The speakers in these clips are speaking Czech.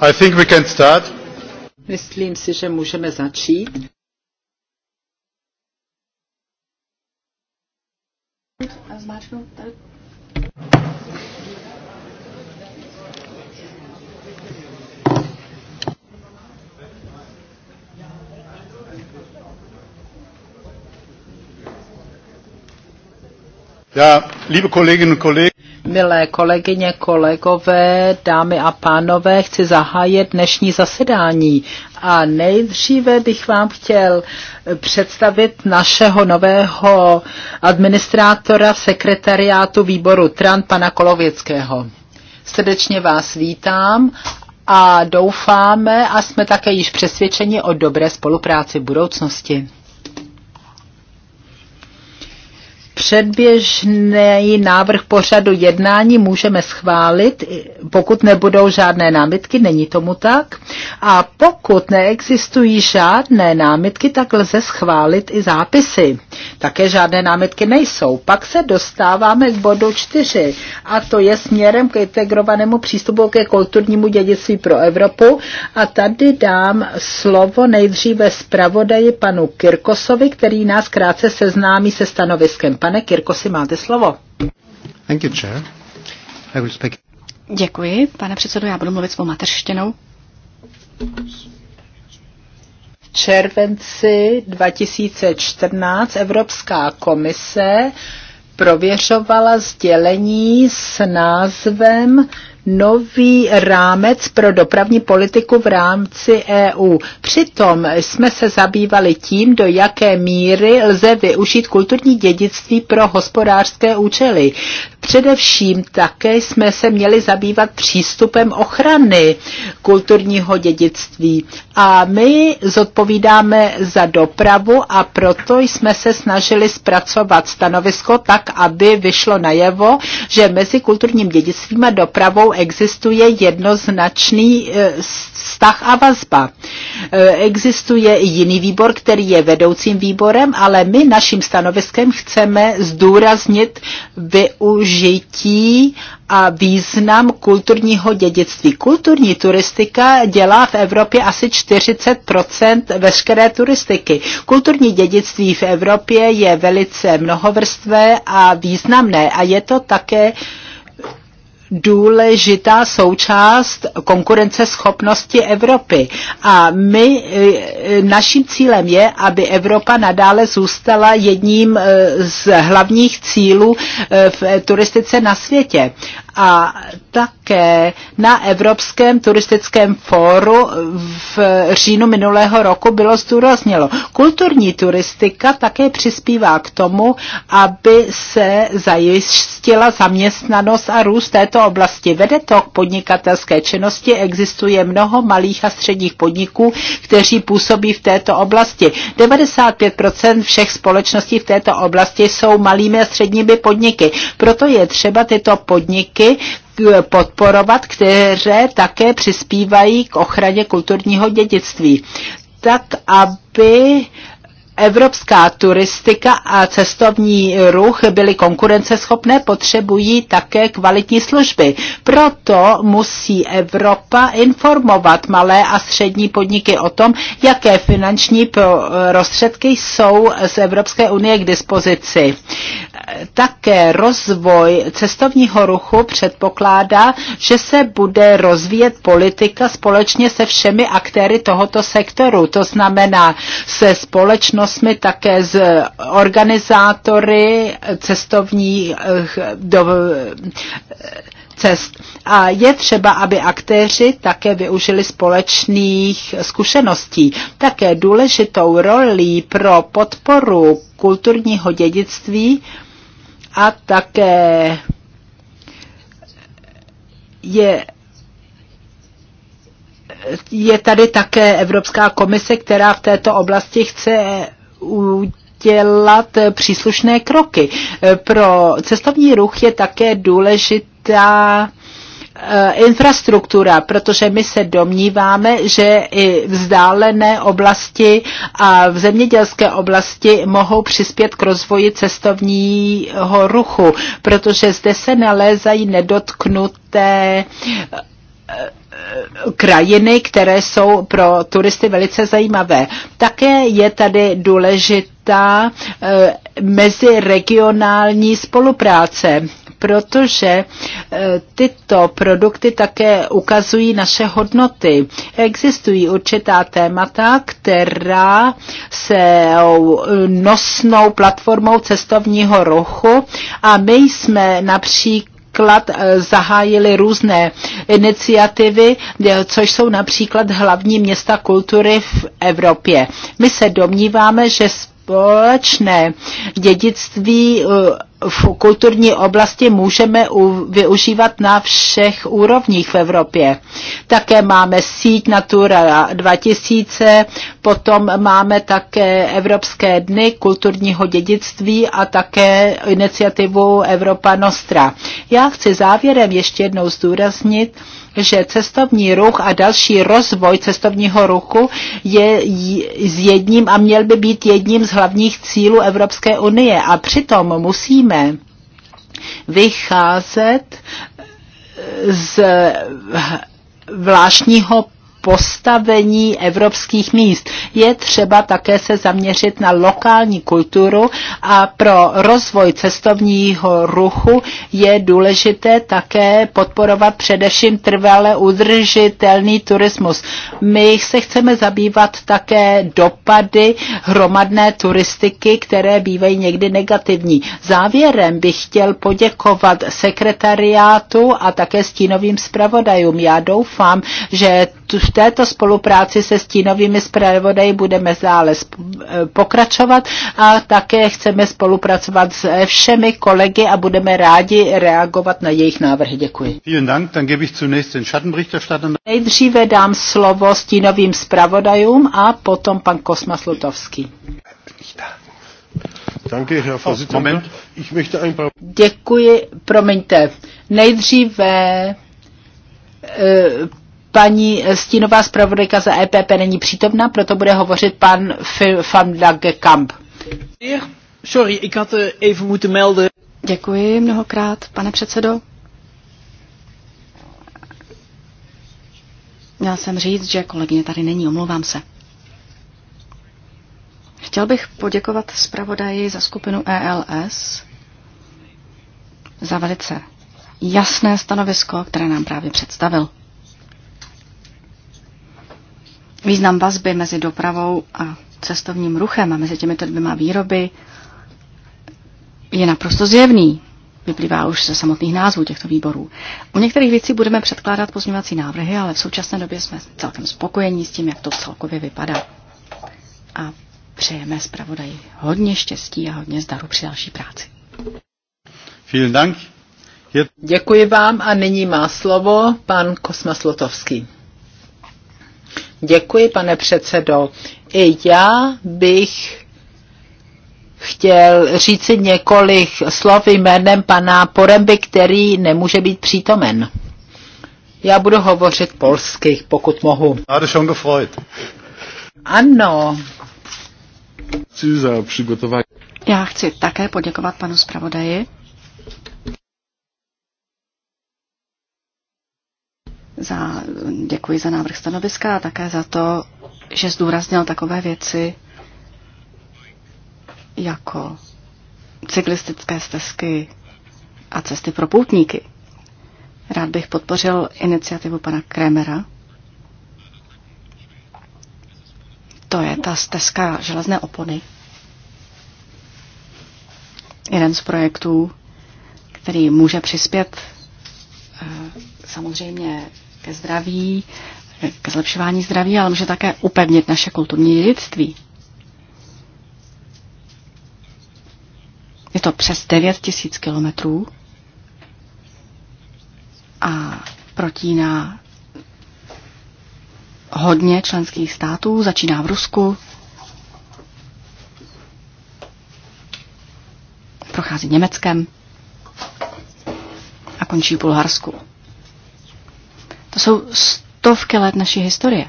I think we can start. Myslím si, že můžeme začít. Ja, liebe Kolleginnen und Kollegen, Milé kolegyně, kolegové, dámy a pánové, chci zahájit dnešní zasedání. A nejdříve bych vám chtěl představit našeho nového administrátora sekretariátu výboru TRAN, pana Kolověckého. Srdečně vás vítám a doufáme a jsme také již přesvědčeni o dobré spolupráci v budoucnosti. předběžný návrh pořadu jednání můžeme schválit, pokud nebudou žádné námitky, není tomu tak. A pokud neexistují žádné námitky, tak lze schválit i zápisy. Také žádné námitky nejsou. Pak se dostáváme k bodu čtyři, a to je směrem k integrovanému přístupu ke kulturnímu dědictví pro Evropu. A tady dám slovo nejdříve zpravodaji panu Kirkosovi, který nás krátce seznámí se stanoviskem. Pane Kirkosi, máte slovo. Thank you, chair. I will speak. Děkuji, pane předsedo, já budu mluvit svou mateřštinou. V červenci 2014 Evropská komise prověřovala sdělení s názvem nový rámec pro dopravní politiku v rámci EU. Přitom jsme se zabývali tím, do jaké míry lze využít kulturní dědictví pro hospodářské účely. Především také jsme se měli zabývat přístupem ochrany kulturního dědictví. A my zodpovídáme za dopravu a proto jsme se snažili zpracovat stanovisko tak, aby vyšlo najevo, že mezi kulturním dědictvím a dopravou existuje jednoznačný eh, vztah a vazba. Eh, existuje jiný výbor, který je vedoucím výborem, ale my naším stanoviskem chceme zdůraznit využití a význam kulturního dědictví. Kulturní turistika dělá v Evropě asi 40 veškeré turistiky. Kulturní dědictví v Evropě je velice mnohovrstvé a významné a je to také uh, důležitá součást konkurenceschopnosti Evropy. A my, e, e, naším cílem je, aby Evropa nadále zůstala jedním e, z hlavních cílů v turistice na světě a také na Evropském turistickém fóru v říjnu minulého roku bylo zdůraznělo. Kulturní turistika také přispívá k tomu, aby se zajistila zaměstnanost a růst této oblasti. Vede to k podnikatelské činnosti, existuje mnoho malých a středních podniků, kteří působí v této oblasti. 95% všech společností v této oblasti jsou malými a středními podniky. Proto je třeba tyto podniky podniky podporovat, které také přispívají k ochraně kulturního dědictví. Tak, aby evropská turistika a cestovní ruch byly konkurenceschopné, potřebují také kvalitní služby. Proto musí Evropa informovat malé a střední podniky o tom, jaké finanční prostředky jsou z Evropské unie k dispozici také rozvoj cestovního ruchu předpokládá, že se bude rozvíjet politika společně se všemi aktéry tohoto sektoru. To znamená se společnostmi, také s organizátory cestovních eh, do, eh, cest. A je třeba, aby aktéři také využili společných zkušeností. Také důležitou roli pro podporu kulturního dědictví a také je je tady také Evropská komise, která v této oblasti chce udělat příslušné kroky. Pro cestovní ruch je také důležitá Eh, infrastruktura, protože my se domníváme, že i vzdálené oblasti a v zemědělské oblasti mohou přispět k rozvoji cestovního ruchu, protože zde se nalézají nedotknuté eh, krajiny, které jsou pro turisty velice zajímavé. Také je tady důležitá eh, meziregionální spolupráce protože e, tyto produkty také ukazují naše hodnoty. Existují určitá témata, která se nosnou platformou cestovního ruchu a my jsme například e, zahájili různé iniciativy, což jsou například hlavní města kultury v Evropě. My se domníváme, že společné dědictví eh, v kulturní oblasti můžeme využívat na všech úrovních v Evropě. Také máme síť Natura 2000, potom máme také Evropské dny kulturního dědictví a také iniciativu Evropa Nostra. Já chci závěrem ještě jednou zdůraznit, že cestovní ruch a další rozvoj cestovního ruchu je z jedním a měl by být jedním z hlavních cílů Evropské unie. A přitom musíme vycházet z vláštního postavení evropských míst. Je třeba také se zaměřit na lokální kulturu a pro rozvoj cestovního ruchu je důležité také podporovat především trvale udržitelný turismus. My se chceme zabývat také dopady hromadné turistiky, které bývají někdy negativní. Závěrem bych chtěl poděkovat sekretariátu a také stínovým zpravodajům. Já doufám, že v této spolupráci se stínovými zpravodaji budeme dále eh, pokračovat a také chceme spolupracovat s eh, všemi kolegy a budeme rádi reagovat na jejich návrhy. Děkuji. Nejdříve dám slovo stínovým zpravodajům a potom pan Kosmas Lutovský. Oh, Děkuji, promiňte. Nejdříve eh, Paní stínová zpravodajka za EPP není přítomna, proto bude hovořit pan van Kamp. Sorry, ik had eh, even moeten melden. Děkuji mnohokrát, pane předsedo. Měl jsem říct, že kolegyně tady není, omlouvám se. Chtěl bych poděkovat zpravodaji za skupinu ELS za velice jasné stanovisko, které nám právě představil význam vazby mezi dopravou a cestovním ruchem a mezi těmito dvěma výroby je naprosto zjevný. Vyplývá už ze samotných názvů těchto výborů. U některých věcí budeme předkládat pozměňovací návrhy, ale v současné době jsme celkem spokojení s tím, jak to celkově vypadá. A přejeme zpravodaji hodně štěstí a hodně zdaru při další práci. Děkuji vám a nyní má slovo pan Kosmas Lotovský. Děkuji, pane předsedo. I já bych chtěl říci několik slov jménem pana Poremby, který nemůže být přítomen. Já budu hovořit polsky, pokud mohu. Ano. Chci za přigotování. Já chci také poděkovat panu zpravodaji Za, děkuji za návrh stanoviska a také za to, že zdůraznil takové věci jako cyklistické stezky a cesty pro poutníky. Rád bych podpořil iniciativu pana Kremera. To je ta stezka železné opony. Jeden z projektů, který může přispět eh, samozřejmě ke zdraví, ke zlepšování zdraví, ale může také upevnit naše kulturní dědictví. Je to přes 9 tisíc kilometrů a protíná hodně členských států, začíná v Rusku, prochází Německem a končí v Bulharsku. To jsou stovky let naší historie.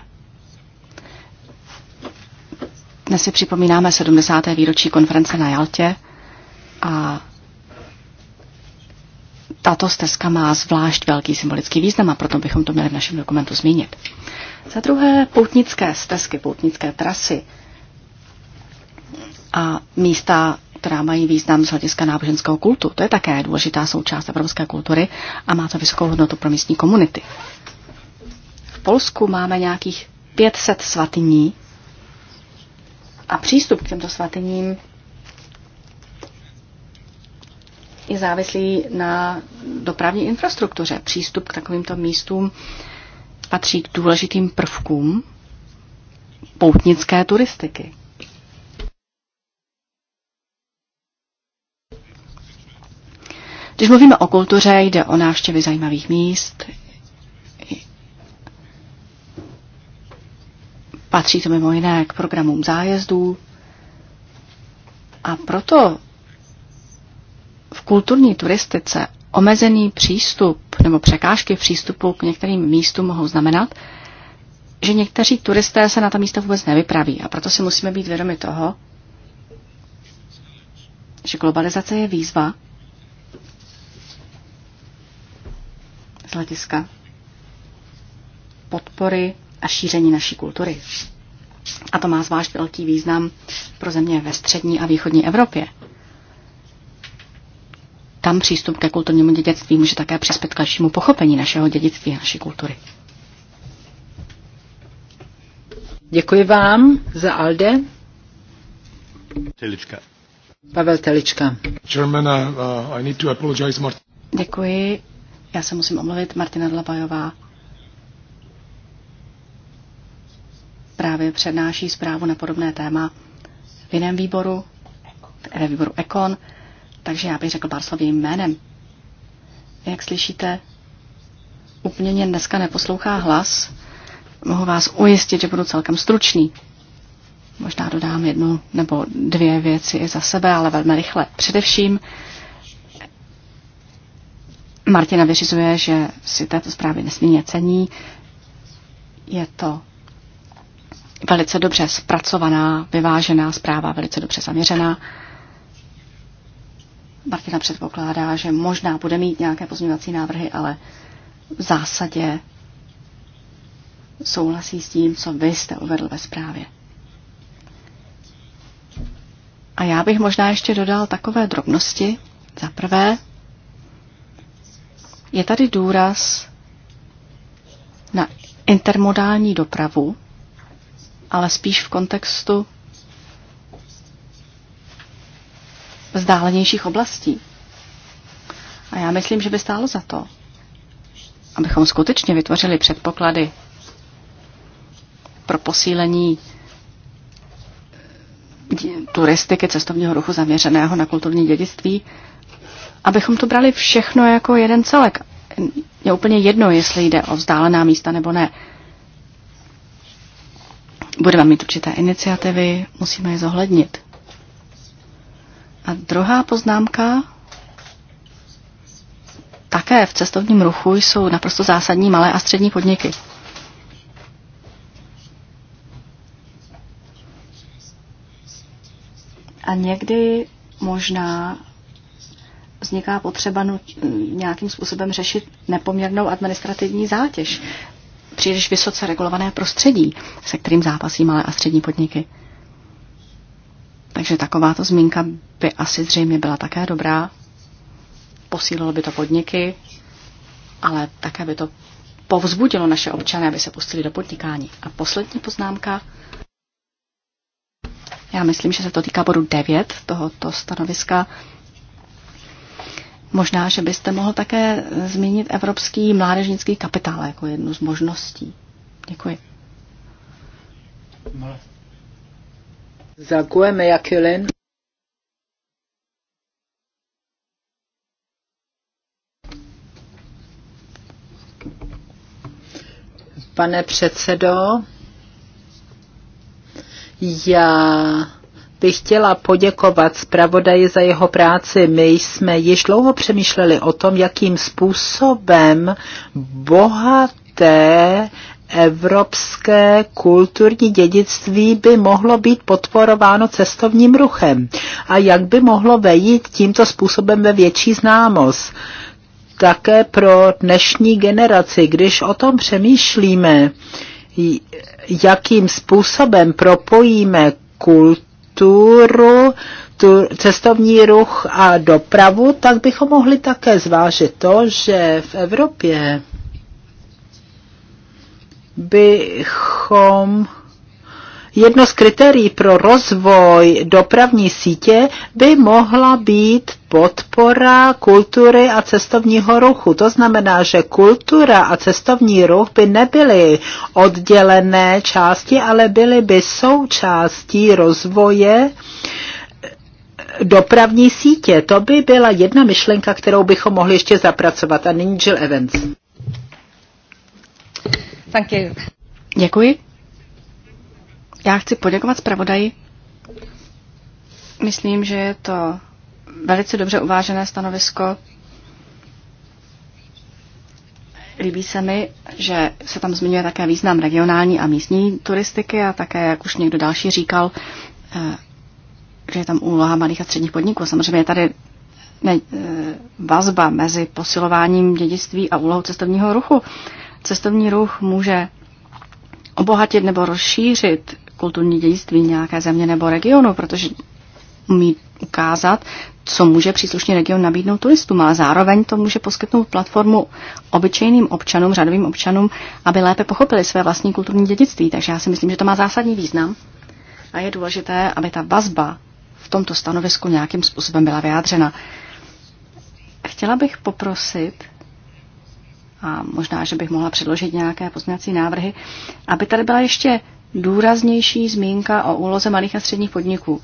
Dnes si připomínáme 70. výročí konference na Jaltě a tato stezka má zvlášť velký symbolický význam a proto bychom to měli v našem dokumentu zmínit. Za druhé, poutnické stezky, poutnické trasy a místa, která mají význam z hlediska náboženského kultu. To je také důležitá součást evropské kultury a má to vysokou hodnotu pro místní komunity. Polsku máme nějakých 500 svatyní a přístup k těmto svatyním je závislý na dopravní infrastruktuře. Přístup k takovýmto místům patří k důležitým prvkům poutnické turistiky. Když mluvíme o kultuře, jde o návštěvy zajímavých míst, Patří to mimo jiné k programům zájezdů. A proto v kulturní turistice omezený přístup nebo překážky v přístupu k některým místům mohou znamenat, že někteří turisté se na ta místa vůbec nevypraví. A proto si musíme být vědomi toho, že globalizace je výzva z hlediska podpory a šíření naší kultury. A to má zvlášť velký význam pro země ve střední a východní Evropě. Tam přístup ke kulturnímu dědictví může také přispět k lepšímu pochopení našeho dědictví a naší kultury. Děkuji vám za Alde. Telička. Pavel Telička. German, uh, uh, I need to apologize, Martin. Děkuji. Já se musím omluvit. Martina Dlabajová právě přednáší zprávu na podobné téma v jiném výboru, ve výboru Ekon, takže já bych řekl pár slov jménem. Jak slyšíte, úplně mě dneska neposlouchá hlas. Mohu vás ujistit, že budu celkem stručný. Možná dodám jednu nebo dvě věci i za sebe, ale velmi rychle. Především Martina vyřizuje, že si této zprávy nesmírně cení. Je to velice dobře zpracovaná, vyvážená zpráva, velice dobře zaměřená. Martina předpokládá, že možná bude mít nějaké pozměňovací návrhy, ale v zásadě souhlasí s tím, co vy jste uvedl ve zprávě. A já bych možná ještě dodal takové drobnosti. Za prvé, je tady důraz na intermodální dopravu ale spíš v kontextu vzdálenějších oblastí. A já myslím, že by stálo za to, abychom skutečně vytvořili předpoklady pro posílení turistiky cestovního ruchu zaměřeného na kulturní dědictví, abychom to brali všechno jako jeden celek. Je úplně jedno, jestli jde o vzdálená místa nebo ne budeme mít určité iniciativy, musíme je zohlednit. A druhá poznámka, také v cestovním ruchu jsou naprosto zásadní malé a střední podniky. A někdy možná vzniká potřeba nějakým způsobem řešit nepoměrnou administrativní zátěž příliš vysoce regulované prostředí, se kterým zápasí malé a střední podniky. Takže takováto zmínka by asi zřejmě byla také dobrá. Posílilo by to podniky, ale také by to povzbudilo naše občany, aby se pustili do podnikání. A poslední poznámka. Já myslím, že se to týká bodu 9 tohoto stanoviska. Možná, že byste mohl také zmínit evropský mládežnický kapitál jako jednu z možností. Děkuji. Zagujeme Jakilin. Pane předsedo, já bych chtěla poděkovat zpravodaji za jeho práci. My jsme již dlouho přemýšleli o tom, jakým způsobem bohaté evropské kulturní dědictví by mohlo být podporováno cestovním ruchem a jak by mohlo vejít tímto způsobem ve větší známost. Také pro dnešní generaci, když o tom přemýšlíme, jakým způsobem propojíme kulturu, kulturu, tu, cestovní ruch a dopravu, tak bychom mohli také zvážit to, že v Evropě bychom Jedno z kritérií pro rozvoj dopravní sítě by mohla být podpora kultury a cestovního ruchu. To znamená, že kultura a cestovní ruch by nebyly oddělené části, ale byly by součástí rozvoje dopravní sítě. To by byla jedna myšlenka, kterou bychom mohli ještě zapracovat. A nyní Jill Evans. Thank you. Děkuji. Já chci poděkovat zpravodaji. Myslím, že je to velice dobře uvážené stanovisko. Líbí se mi, že se tam zmiňuje také význam regionální a místní turistiky a také, jak už někdo další říkal, eh, že je tam úloha malých a středních podniků. Samozřejmě je tady ne, eh, vazba mezi posilováním dědictví a úlohou cestovního ruchu. Cestovní ruch může obohatit nebo rozšířit kulturní dědictví nějaké země nebo regionu, protože umí ukázat, co může příslušný region nabídnout turistům, ale zároveň to může poskytnout platformu obyčejným občanům, řadovým občanům, aby lépe pochopili své vlastní kulturní dědictví. Takže já si myslím, že to má zásadní význam a je důležité, aby ta vazba v tomto stanovisku nějakým způsobem byla vyjádřena. Chtěla bych poprosit, a možná, že bych mohla předložit nějaké pozměňovací návrhy, aby tady byla ještě důraznější zmínka o úloze malých a středních podniků.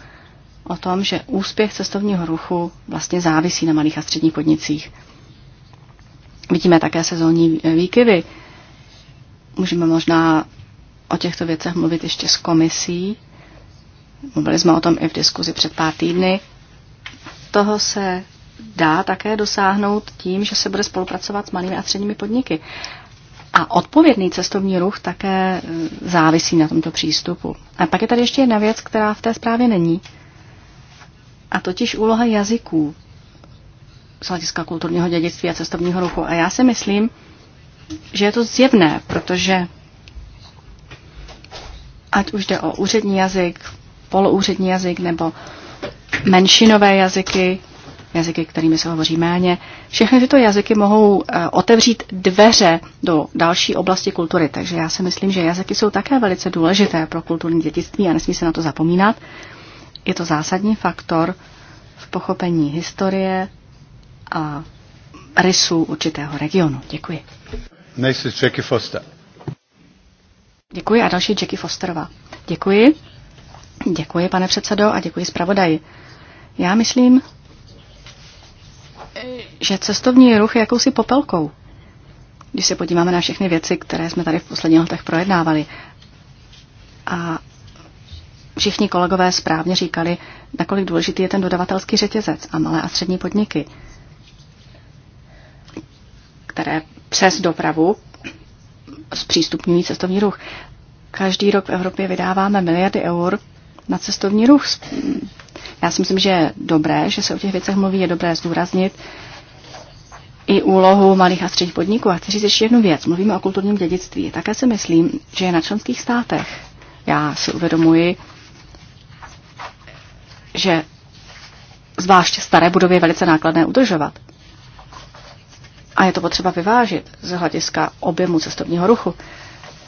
O tom, že úspěch cestovního ruchu vlastně závisí na malých a středních podnicích. Vidíme také sezónní výkyvy. Můžeme možná o těchto věcech mluvit ještě s komisí. Mluvili jsme o tom i v diskuzi před pár týdny. Toho se dá také dosáhnout tím, že se bude spolupracovat s malými a středními podniky. A odpovědný cestovní ruch také e, závisí na tomto přístupu. A pak je tady ještě jedna věc, která v té zprávě není, a totiž úloha jazyků z hlediska kulturního dědictví a cestovního ruchu. A já si myslím, že je to zjevné, protože ať už jde o úřední jazyk, poloúřední jazyk nebo menšinové jazyky, jazyky, kterými se hovoří méně. Všechny tyto jazyky mohou eh, otevřít dveře do další oblasti kultury, takže já si myslím, že jazyky jsou také velice důležité pro kulturní dědictví a nesmí se na to zapomínat. Je to zásadní faktor v pochopení historie a rysů určitého regionu. Děkuji. Next is Jackie Foster. Děkuji a další Jackie Fosterová. Děkuji. Děkuji, pane předsedo, a děkuji zpravodaji. Já myslím, že cestovní ruch je jakousi popelkou. Když se podíváme na všechny věci, které jsme tady v posledních letech projednávali. A všichni kolegové správně říkali, nakolik důležitý je ten dodavatelský řetězec a malé a střední podniky, které přes dopravu zpřístupňují cestovní ruch. Každý rok v Evropě vydáváme miliardy eur na cestovní ruch. Já si myslím, že je dobré, že se o těch věcech mluví, je dobré zdůraznit i úlohu malých a středních podniků. A chci říct ještě jednu věc. Mluvíme o kulturním dědictví. Také si myslím, že je na členských státech. Já si uvědomuji, že zvláště staré budovy je velice nákladné udržovat. A je to potřeba vyvážit z hlediska objemu cestovního ruchu,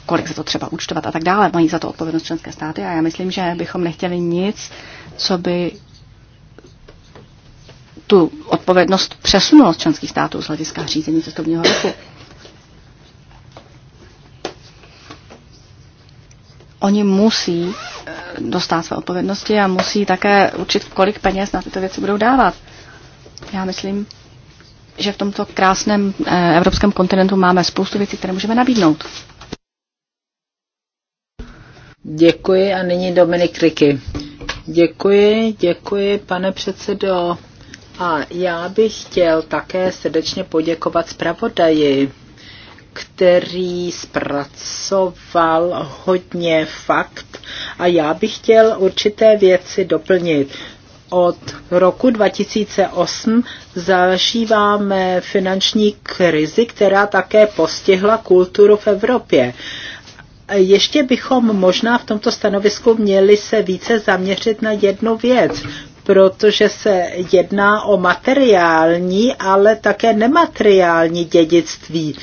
kolik se to třeba účtovat a tak dále. Mají za to odpovědnost členské státy a já myslím, že bychom nechtěli nic, co by tu odpovědnost přesunulo z členských států z hlediska řízení cestovního ruchu. Oni musí eh, dostat své odpovědnosti a musí také určit, kolik peněz na tyto věci budou dávat. Já myslím, že v tomto krásném eh, evropském kontinentu máme spoustu věcí, které můžeme nabídnout. Děkuji a nyní Dominik Riky. Děkuji, děkuji, pane předsedo. A já bych chtěl také srdečně poděkovat zpravodaji, který zpracoval hodně fakt a já bych chtěl určité věci doplnit od roku 2008 zažíváme finanční krizi, která také postihla kulturu v Evropě. Ještě bychom možná v tomto stanovisku měli se více zaměřit na jednu věc protože se jedná o materiální, ale také nemateriální dědictví.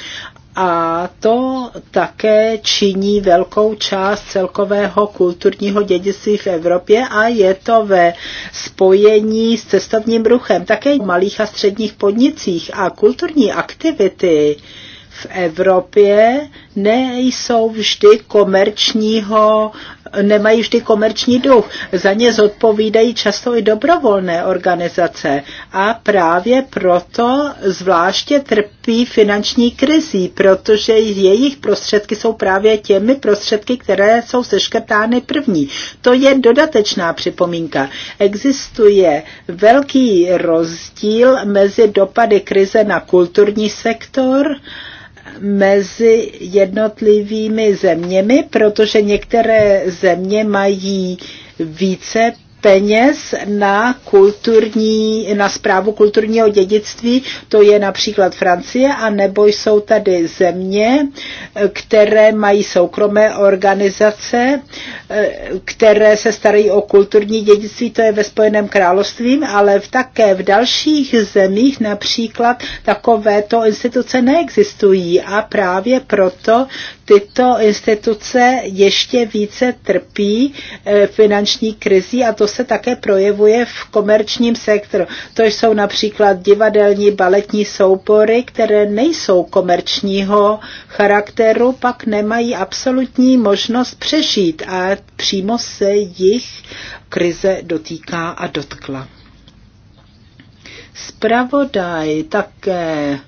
A to také činí velkou část celkového kulturního dědictví v Evropě a je to ve spojení s cestovním ruchem, také v malých a středních podnicích a kulturní aktivity v Evropě nejsou vždy komerčního, nemají vždy komerční duch. Za ně zodpovídají často i dobrovolné organizace a právě proto zvláště trpí finanční krizí, protože jejich prostředky jsou právě těmi prostředky, které jsou seškrtány první. To je dodatečná připomínka. Existuje velký rozdíl mezi dopady krize na kulturní sektor, sektor mezi jednotlivými zeměmi, protože některé země mají více peněz na kulturní, na zprávu kulturního dědictví, to je například Francie, a nebo jsou tady země, které mají soukromé organizace, které se starají o kulturní dědictví, to je ve Spojeném království, ale v také v dalších zemích například takovéto instituce neexistují a právě proto tyto instituce ještě více trpí eh, finanční krizi a to se také projevuje v komerčním sektoru. To jsou například divadelní baletní soupory, které nejsou komerčního charakteru, pak nemají absolutní možnost přežít a přímo se jich krize dotýká a dotkla. Spravodaj také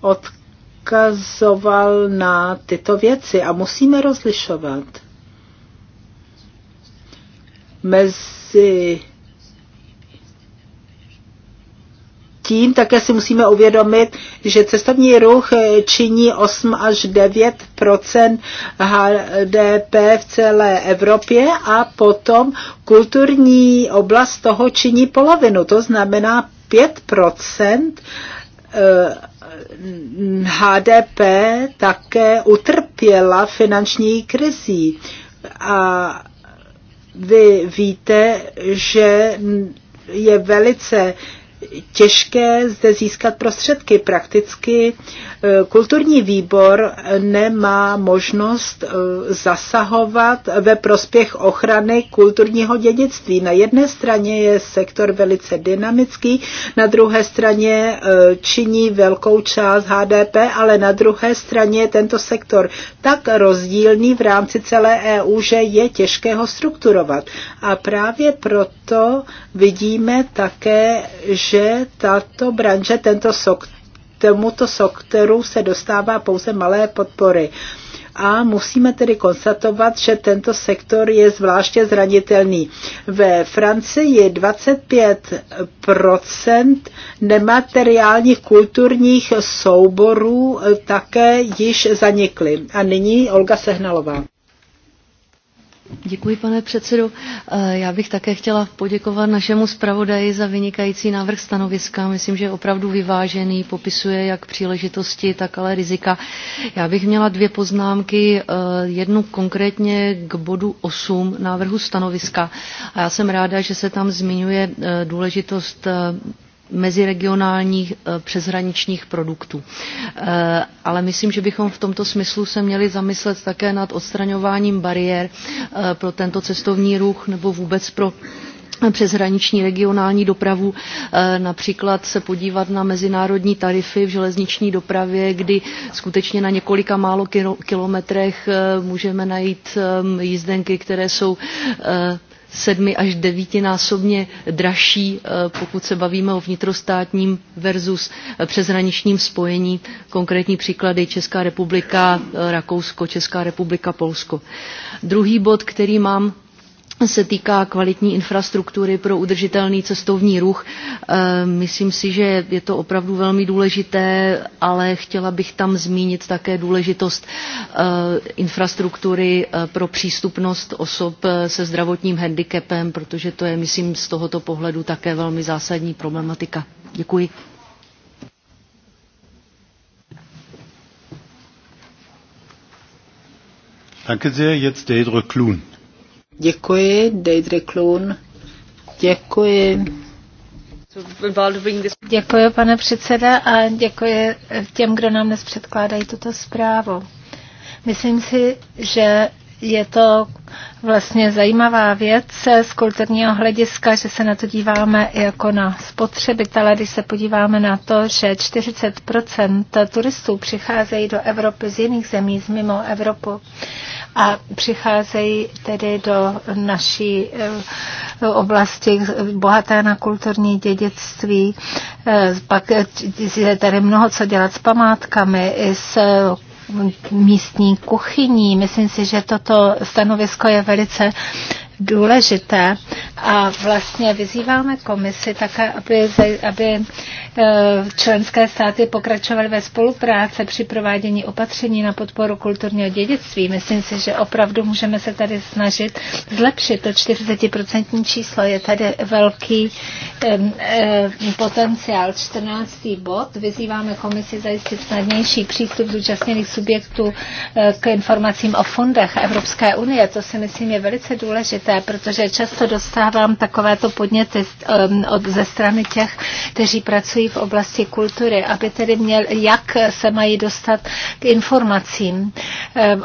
odkazoval na tyto věci a musíme rozlišovat mezi mezi tím také si musíme uvědomit, že cestovní ruch eh, činí 8 až 9 HDP v celé Evropě a potom kulturní oblast toho činí polovinu, to znamená 5 eh, HDP také utrpěla finanční krizí. A vy víte, že je velice těžké zde získat prostředky. Prakticky e, kulturní výbor nemá možnost e, zasahovat ve prospěch ochrany kulturního dědictví. Na jedné straně je sektor velice dynamický, na druhé straně e, činí velkou část HDP, ale na druhé straně je tento sektor tak rozdílný v rámci celé EU, že je těžké ho strukturovat. A právě proto vidíme také, že že tato branže, tento sok, tomuto sokteru se dostává pouze malé podpory. A musíme tedy konstatovat, že tento sektor je zvláště zranitelný. Ve Francii je 25 nemateriálních kulturních souborů také již zanikly. A nyní Olga Sehnalová. Děkuji, pane předsedo. Eh, já bych také chtěla poděkovat našemu zpravodaji za vynikající návrh stanoviska. Myslím, že je opravdu vyvážený, popisuje jak příležitosti, tak ale rizika. Já bych měla dvě poznámky, eh, jednu konkrétně k bodu 8 návrhu stanoviska. A já jsem ráda, že se tam zmiňuje eh, důležitost meziregionálních eh, přeshraničních produktů. Eh, ale myslím, že bychom v tomto smyslu se měli zamyslet také nad odstraňováním bariér eh, pro tento cestovní ruch nebo vůbec pro přeshraniční regionální dopravu, například se podívat na mezinárodní tarify v železniční dopravě, kdy skutečně na několika málo kilometrech můžeme najít ehm, jízdenky, které jsou sedmi až devítinásobně dražší, eh, pokud se bavíme o vnitrostátním versus eh, přeshraničním spojení. Konkrétní příklady Česká republika, eh, Rakousko, Česká republika, Polsko. Druhý bod, který mám se týká kvalitní infrastruktury pro udržitelný cestovní ruch. Eh, myslím si, že je to opravdu velmi důležité, ale chtěla bych tam zmínit také důležitost eh, infrastruktury eh, pro přístupnost osob se zdravotním handicapem, protože to je, myslím, z tohoto pohledu také velmi zásadní problematika. Děkuji. Danke sehr. Jetzt der Klun. Děkuji, Deidre Klun. Děkuji. Děkuji, pane předseda, a děkuji těm, kdo nám dnes předkládají tuto zprávu. Myslím si, že je to vlastně zajímavá věc z kulturního hlediska, že se na to díváme jako na spotřebitele, když se podíváme na to, že 40 turistů přicházejí do Evropy z jiných zemí, z mimo Evropu a přicházejí tedy do naší eh, oblasti bohaté na kulturní dědictví. Eh, pak je tady mnoho co dělat s památkami, i s místní kuchyní. Myslím si, že toto stanovisko je velice důležité a vlastně vyzýváme komisi také, aby, aby eh, členské státy pokračovaly ve spolupráci při provádění opatření na podporu kulturního dědictví. Myslím si, že opravdu můžeme se tady snažit zlepšit. To 40% číslo je tady velký eh, potenciál. 14. bod. Vyzýváme komisi zajistit snadnější přístup zúčastněných subjektů eh, k informacím o fondech Evropské unie. To si myslím je velice důležité důležité, protože často dostávám takovéto podněty um, od, ze strany těch, kteří pracují v oblasti kultury, aby tedy měl, jak se mají dostat k informacím um,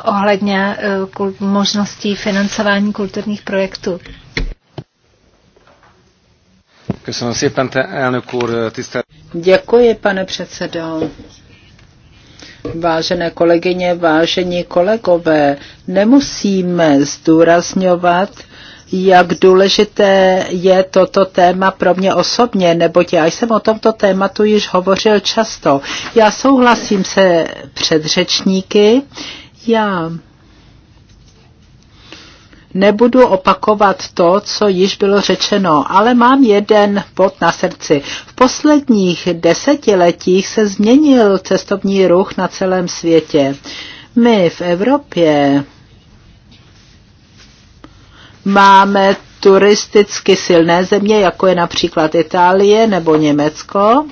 ohledně uh, možností financování kulturních projektů. Děkuji, pane předsedo. Vážené kolegyně, vážení kolegové, nemusíme zdůrazňovat, jak důležité je toto téma pro mě osobně, neboť já jsem o tomto tématu již hovořil často. Já souhlasím se předřečníky, já nebudu opakovat to, co již bylo řečeno, ale mám jeden bod na srdci. V posledních desetiletích se změnil cestovní ruch na celém světě. My v Evropě máme turisticky silné země, jako je například Itálie nebo Německo,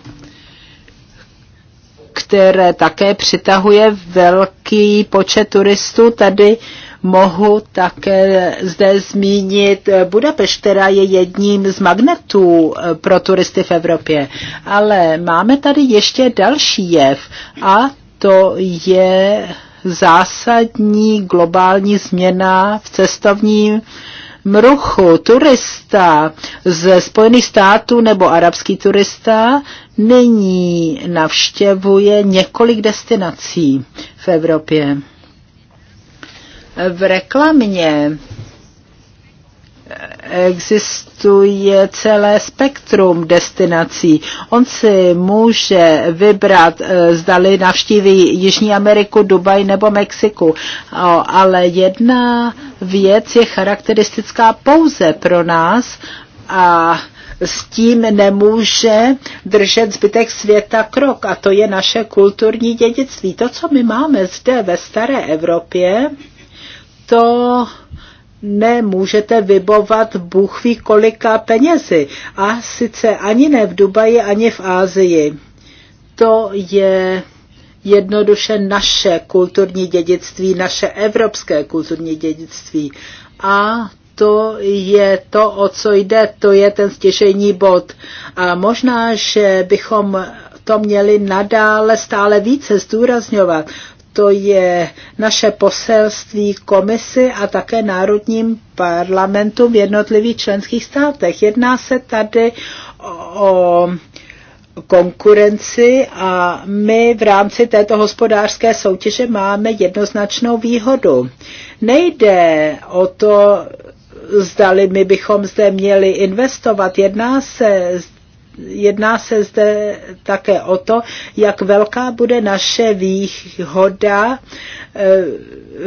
které také přitahuje velký počet turistů. Tady mohu také zde zmínit Budapešť, která je jedním z magnetů eh, pro turisty v Evropě. Ale máme tady ještě další jev a to je zásadní globální změna v cestovním mruchu turista ze Spojených států nebo arabský turista nyní navštěvuje několik destinací v Evropě. V reklamě existuje celé spektrum destinací. On si může vybrat, eh, zdali navštíví Jižní Ameriku, Dubaj nebo Mexiku. Ale jedna věc je charakteristická pouze pro nás a s tím nemůže držet zbytek světa krok. A to je naše kulturní dědictví. To, co my máme zde ve staré Evropě, to nemůžete vybovat buchví kolika penězi. A sice ani ne v Dubaji, ani v Ázii. To je jednoduše naše kulturní dědictví, naše evropské kulturní dědictví. A to je to, o co jde, to je ten stěžejní bod. A možná, že bychom to měli nadále stále více zdůrazňovat, to je naše poselství komisi a také národním parlamentům v jednotlivých členských státech. Jedná se tady o konkurenci a my v rámci této hospodářské soutěže máme jednoznačnou výhodu. Nejde o to, zdali my bychom zde měli investovat. Jedná se jedná se zde také o to, jak velká bude naše výhoda e,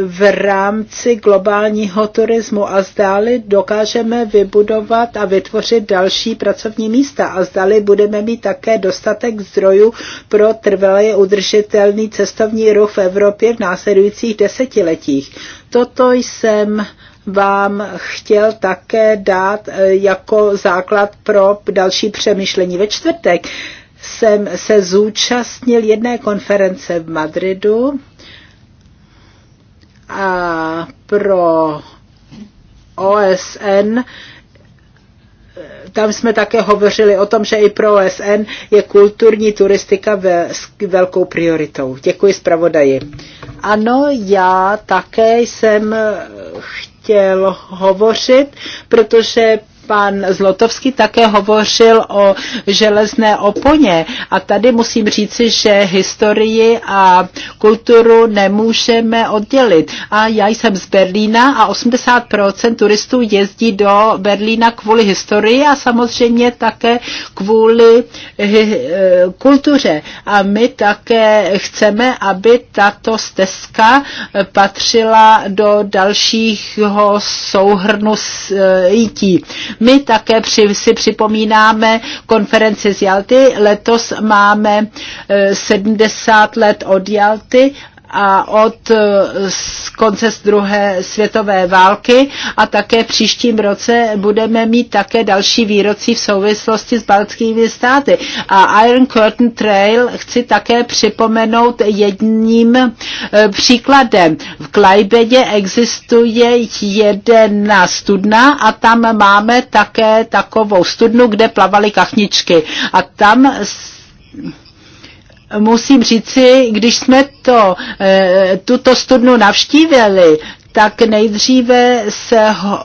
v rámci globálního turismu a zdáli dokážeme vybudovat a vytvořit další pracovní místa a zdáli budeme mít také dostatek zdrojů pro trvalý udržitelný cestovní ruch v Evropě v následujících desetiletích. Toto jsem vám chtěl také dát eh, jako základ pro další přemýšlení. Ve čtvrtek jsem se zúčastnil jedné konference v Madridu a pro OSN eh, tam jsme také hovořili o tom, že i pro OSN je kulturní turistika velkou prioritou. Děkuji zpravodaji. Ano, já také jsem chtěl eh, chtěl hovořit, protože pan Zlotovský také hovořil o železné oponě a tady musím říci, že historii a kulturu nemůžeme oddělit. A já jsem z Berlína a 80% turistů jezdí do Berlína kvůli historii a samozřejmě také kvůli eh, kultuře. A my také chceme, aby tato stezka eh, patřila do dalšího souhrnu sítí. Eh, my také při, si připomínáme konferenci z Jalty. Letos máme 70 eh, let od Jalty a od eh, z konce z druhé světové války a také příštím roce budeme mít také další výrocí v souvislosti s baltskými státy. A Iron Curtain Trail chci také připomenout jedním eh, příkladem. V Klajbedě existuje jedna studna a tam máme také takovou studnu, kde plavaly kachničky. A tam musím říci, když jsme to, eh, tuto studnu navštívili, tak nejdříve, se ho,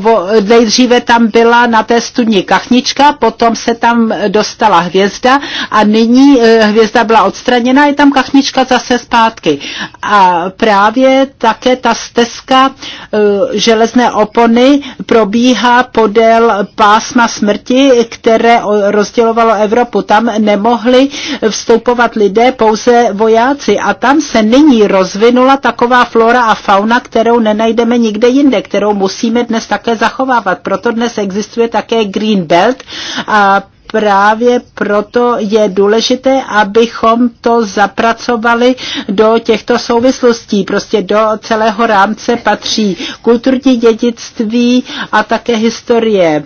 ho, nejdříve tam byla na té studni kachnička, potom se tam dostala hvězda a nyní eh, hvězda byla odstraněna, je tam kachnička zase zpátky. A právě také ta stezka eh, železné opony probíhá podél pásma smrti, které rozdělovalo Evropu. Tam nemohli vstoupovat lidé, pouze vojáci. A tam se nyní rozvinula taková flora a fauna, kterou nenajdeme nikde jinde, kterou musíme dnes také zachovávat. Proto dnes existuje také Green Belt a právě proto je důležité, abychom to zapracovali do těchto souvislostí. Prostě do celého rámce patří kulturní dědictví a také historie.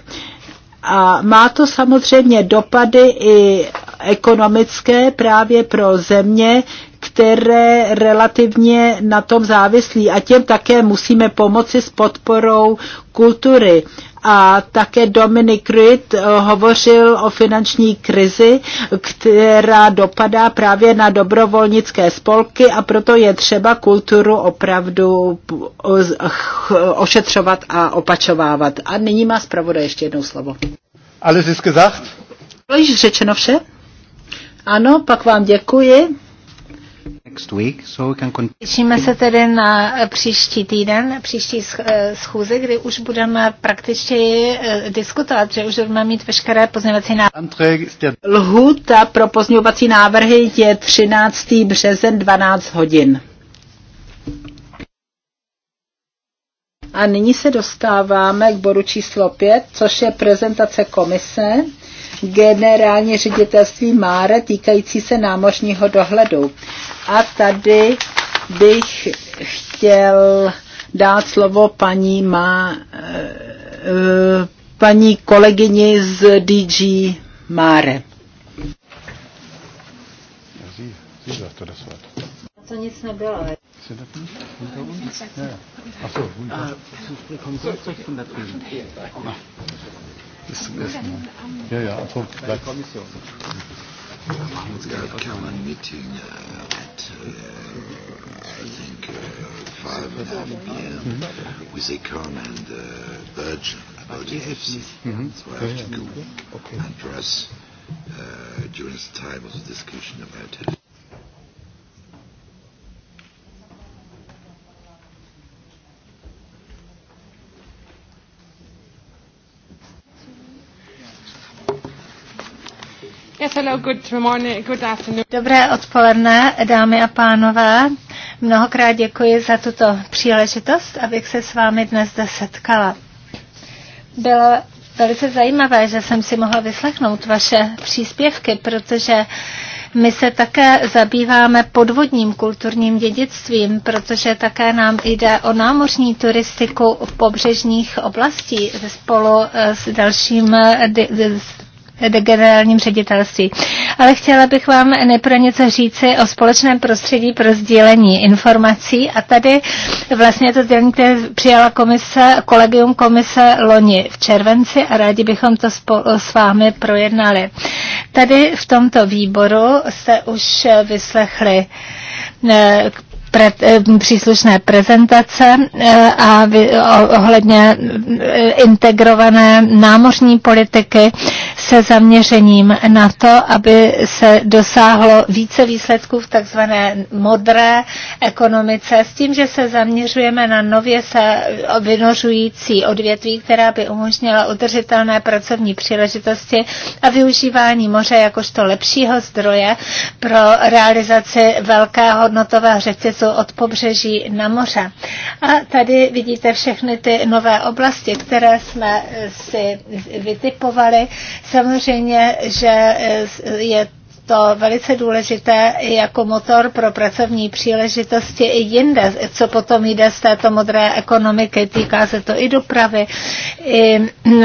A má to samozřejmě dopady i ekonomické právě pro země, které relativně na tom závislí a těm také musíme pomoci s podporou kultury. A také Dominik Ryt eh, hovořil o finanční krizi, která dopadá právě na dobrovolnické spolky a proto je třeba kulturu opravdu eh, ošetřovat a opačovávat. A nyní má zpravoda ještě jednou slovo. Ale zisky zacht? Bylo již řečeno vše? Ano, pak vám děkuji. Těšíme se tedy na příští týden, příští eh, schůze, kdy už budeme prakticky eh, diskutovat, že už budeme mít veškeré pozměňovací návrhy. Lhuta pro pozměňovací návrhy je 13. březen 12 hodin. A nyní se dostáváme k bodu číslo 5, což je prezentace komise generální ředitelství Máre týkající se námořního dohledu. A tady bych chtěl dát slovo paní, má, paní kolegyni z DG Máre. To nic nebylo. Ach so, wunderbar. Ah, Ist, ist, ja, ja, also, bei der Kommission. Wir machen jetzt gerade ein Meeting at, I think, uh, five and a half p.m. Mm -hmm. with Econ and uh, Virgin about the FC. Mm -hmm. So I have to go mhm. okay. and dress uh, during the time of the discussion about it. Dobré odpoledne, dámy a pánové. Mnohokrát děkuji za tuto příležitost, abych se s vámi dnes zde setkala. Bylo velice zajímavé, že jsem si mohla vyslechnout vaše příspěvky, protože my se také zabýváme podvodním kulturním dědictvím, protože také nám jde o námořní turistiku v pobřežních oblastí spolu s dalším generálním ředitelství. Ale chtěla bych vám nejprve něco říci o společném prostředí pro sdílení informací a tady vlastně to sdělení, které přijala komise, kolegium komise loni v červenci a rádi bychom to s vámi projednali. Tady v tomto výboru se už vyslechli eh, pre, eh, příslušné prezentace eh, a ohledně integrované námořní politiky se zaměřením na to, aby se dosáhlo více výsledků v takzvané modré ekonomice, s tím, že se zaměřujeme na nově se vynořující odvětví, která by umožnila udržitelné pracovní příležitosti a využívání moře jakožto lepšího zdroje pro realizaci velké hodnotové řetězu od pobřeží na moře. A tady vidíte všechny ty nové oblasti, které jsme si vytipovali Samozřejmě, že eh, je to velice důležité jako motor pro pracovní příležitosti i jinde, co potom jde z této modré ekonomiky. Týká se to i dopravy, i mm,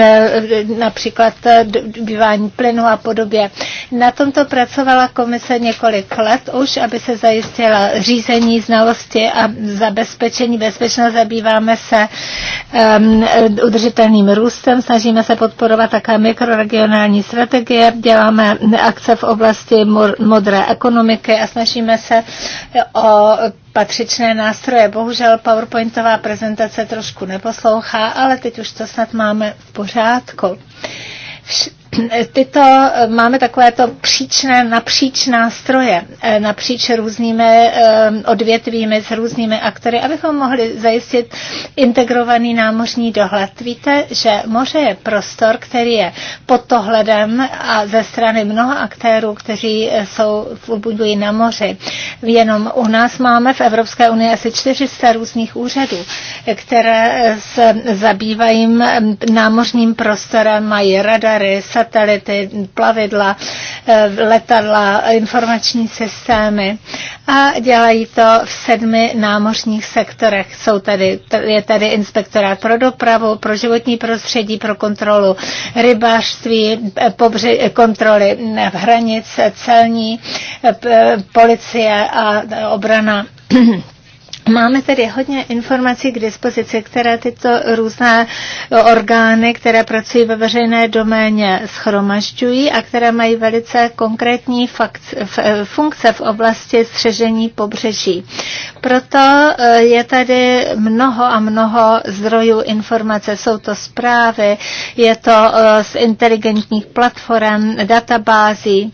například bývání plynu a podobně. Na tomto pracovala komise několik let už, aby se zajistila řízení, znalosti a zabezpečení. Bezpečnost zabýváme se um, udržitelným růstem, snažíme se podporovat také mikroregionální strategie, děláme akce v oblasti oblasti modré ekonomiky a snažíme se o patřičné nástroje. Bohužel PowerPointová prezentace trošku neposlouchá, ale teď už to snad máme v pořádku. Eh, tyto, eh, máme takovéto příčné, napříč nástroje, eh, napříč různými odvětvími s různými aktory, abychom mohli zajistit integrovaný námořní dohled. Víte, že moře je prostor, který je pod tohledem a ze strany mnoha aktérů, kteří jsou, v fungují na moři. Jenom u nás máme v Evropské unii asi 400 různých úřadů, které se zabývají mm, námořním prostorem, mají radary, satelity, satelity, plavidla, eh, letadla, informační systémy a dělají to v sedmi námořních sektorech. Jsou tady, je tady inspektorát pro dopravu, pro životní prostředí, pro kontrolu rybářství, eh, pobři, eh, kontroly hranic, celní, policie a obrana Máme tedy hodně informací k dispozici, které tyto různé orgány, které pracují ve veřejné doméně, schromažďují a které mají velice konkrétní fakt, e, funkce v oblasti střežení pobřeží. Proto e, je tady mnoho a mnoho zdrojů informace. Jsou to zprávy, je to e, z inteligentních platform, databází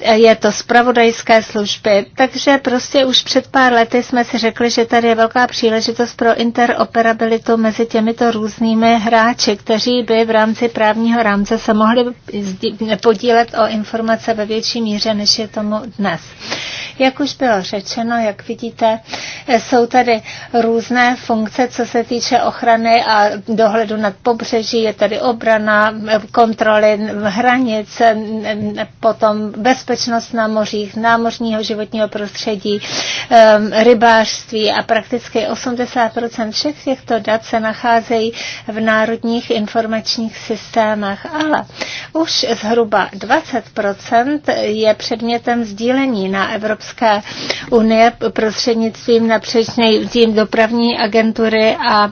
je to pravodajské služby. Takže prostě už před pár lety jsme si řekli, že tady je velká příležitost pro interoperabilitu mezi těmito různými hráči, kteří by v rámci právního rámce se mohli podílet o informace ve větší míře, než je tomu dnes. Jak už bylo řečeno, jak vidíte, jsou tady různé funkce, co se týče ochrany a dohledu nad pobřeží. Je tady obrana, kontroly hranic, potom bezpečnost bezpečnost na mořích, námořního životního prostředí, rybářství a prakticky 80% všech těchto dat se nacházejí v národních informačních systémech, ale už zhruba 20% je předmětem sdílení na Evropské unie prostřednictvím například dopravní agentury a,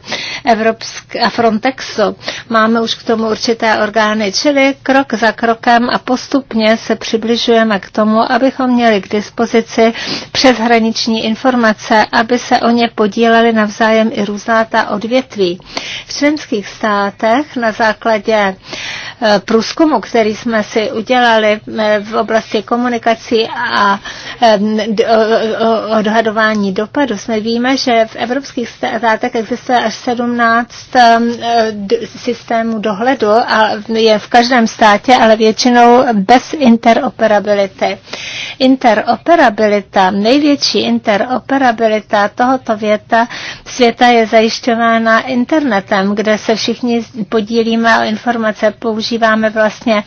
Evropsk- a Frontexu. Máme už k tomu určité orgány, čili krok za krokem a postupně se přibližujeme dostaneme k tomu, abychom měli k dispozici přeshraniční informace, aby se o ně podíleli navzájem i různá ta odvětví. V členských státech na základě Eh, průzkumu, který jsme si udělali eh, v oblasti komunikací a eh, odhadování dopadu, jsme víme, že v evropských státech existuje až 17 ehm, systémů dohledu a je v každém státě, ale většinou bez interoperability. Interoperabilita, největší interoperabilita tohoto věta, světa je zajišťována internetem, kde se všichni podílíme o informace používáme používáme vlastně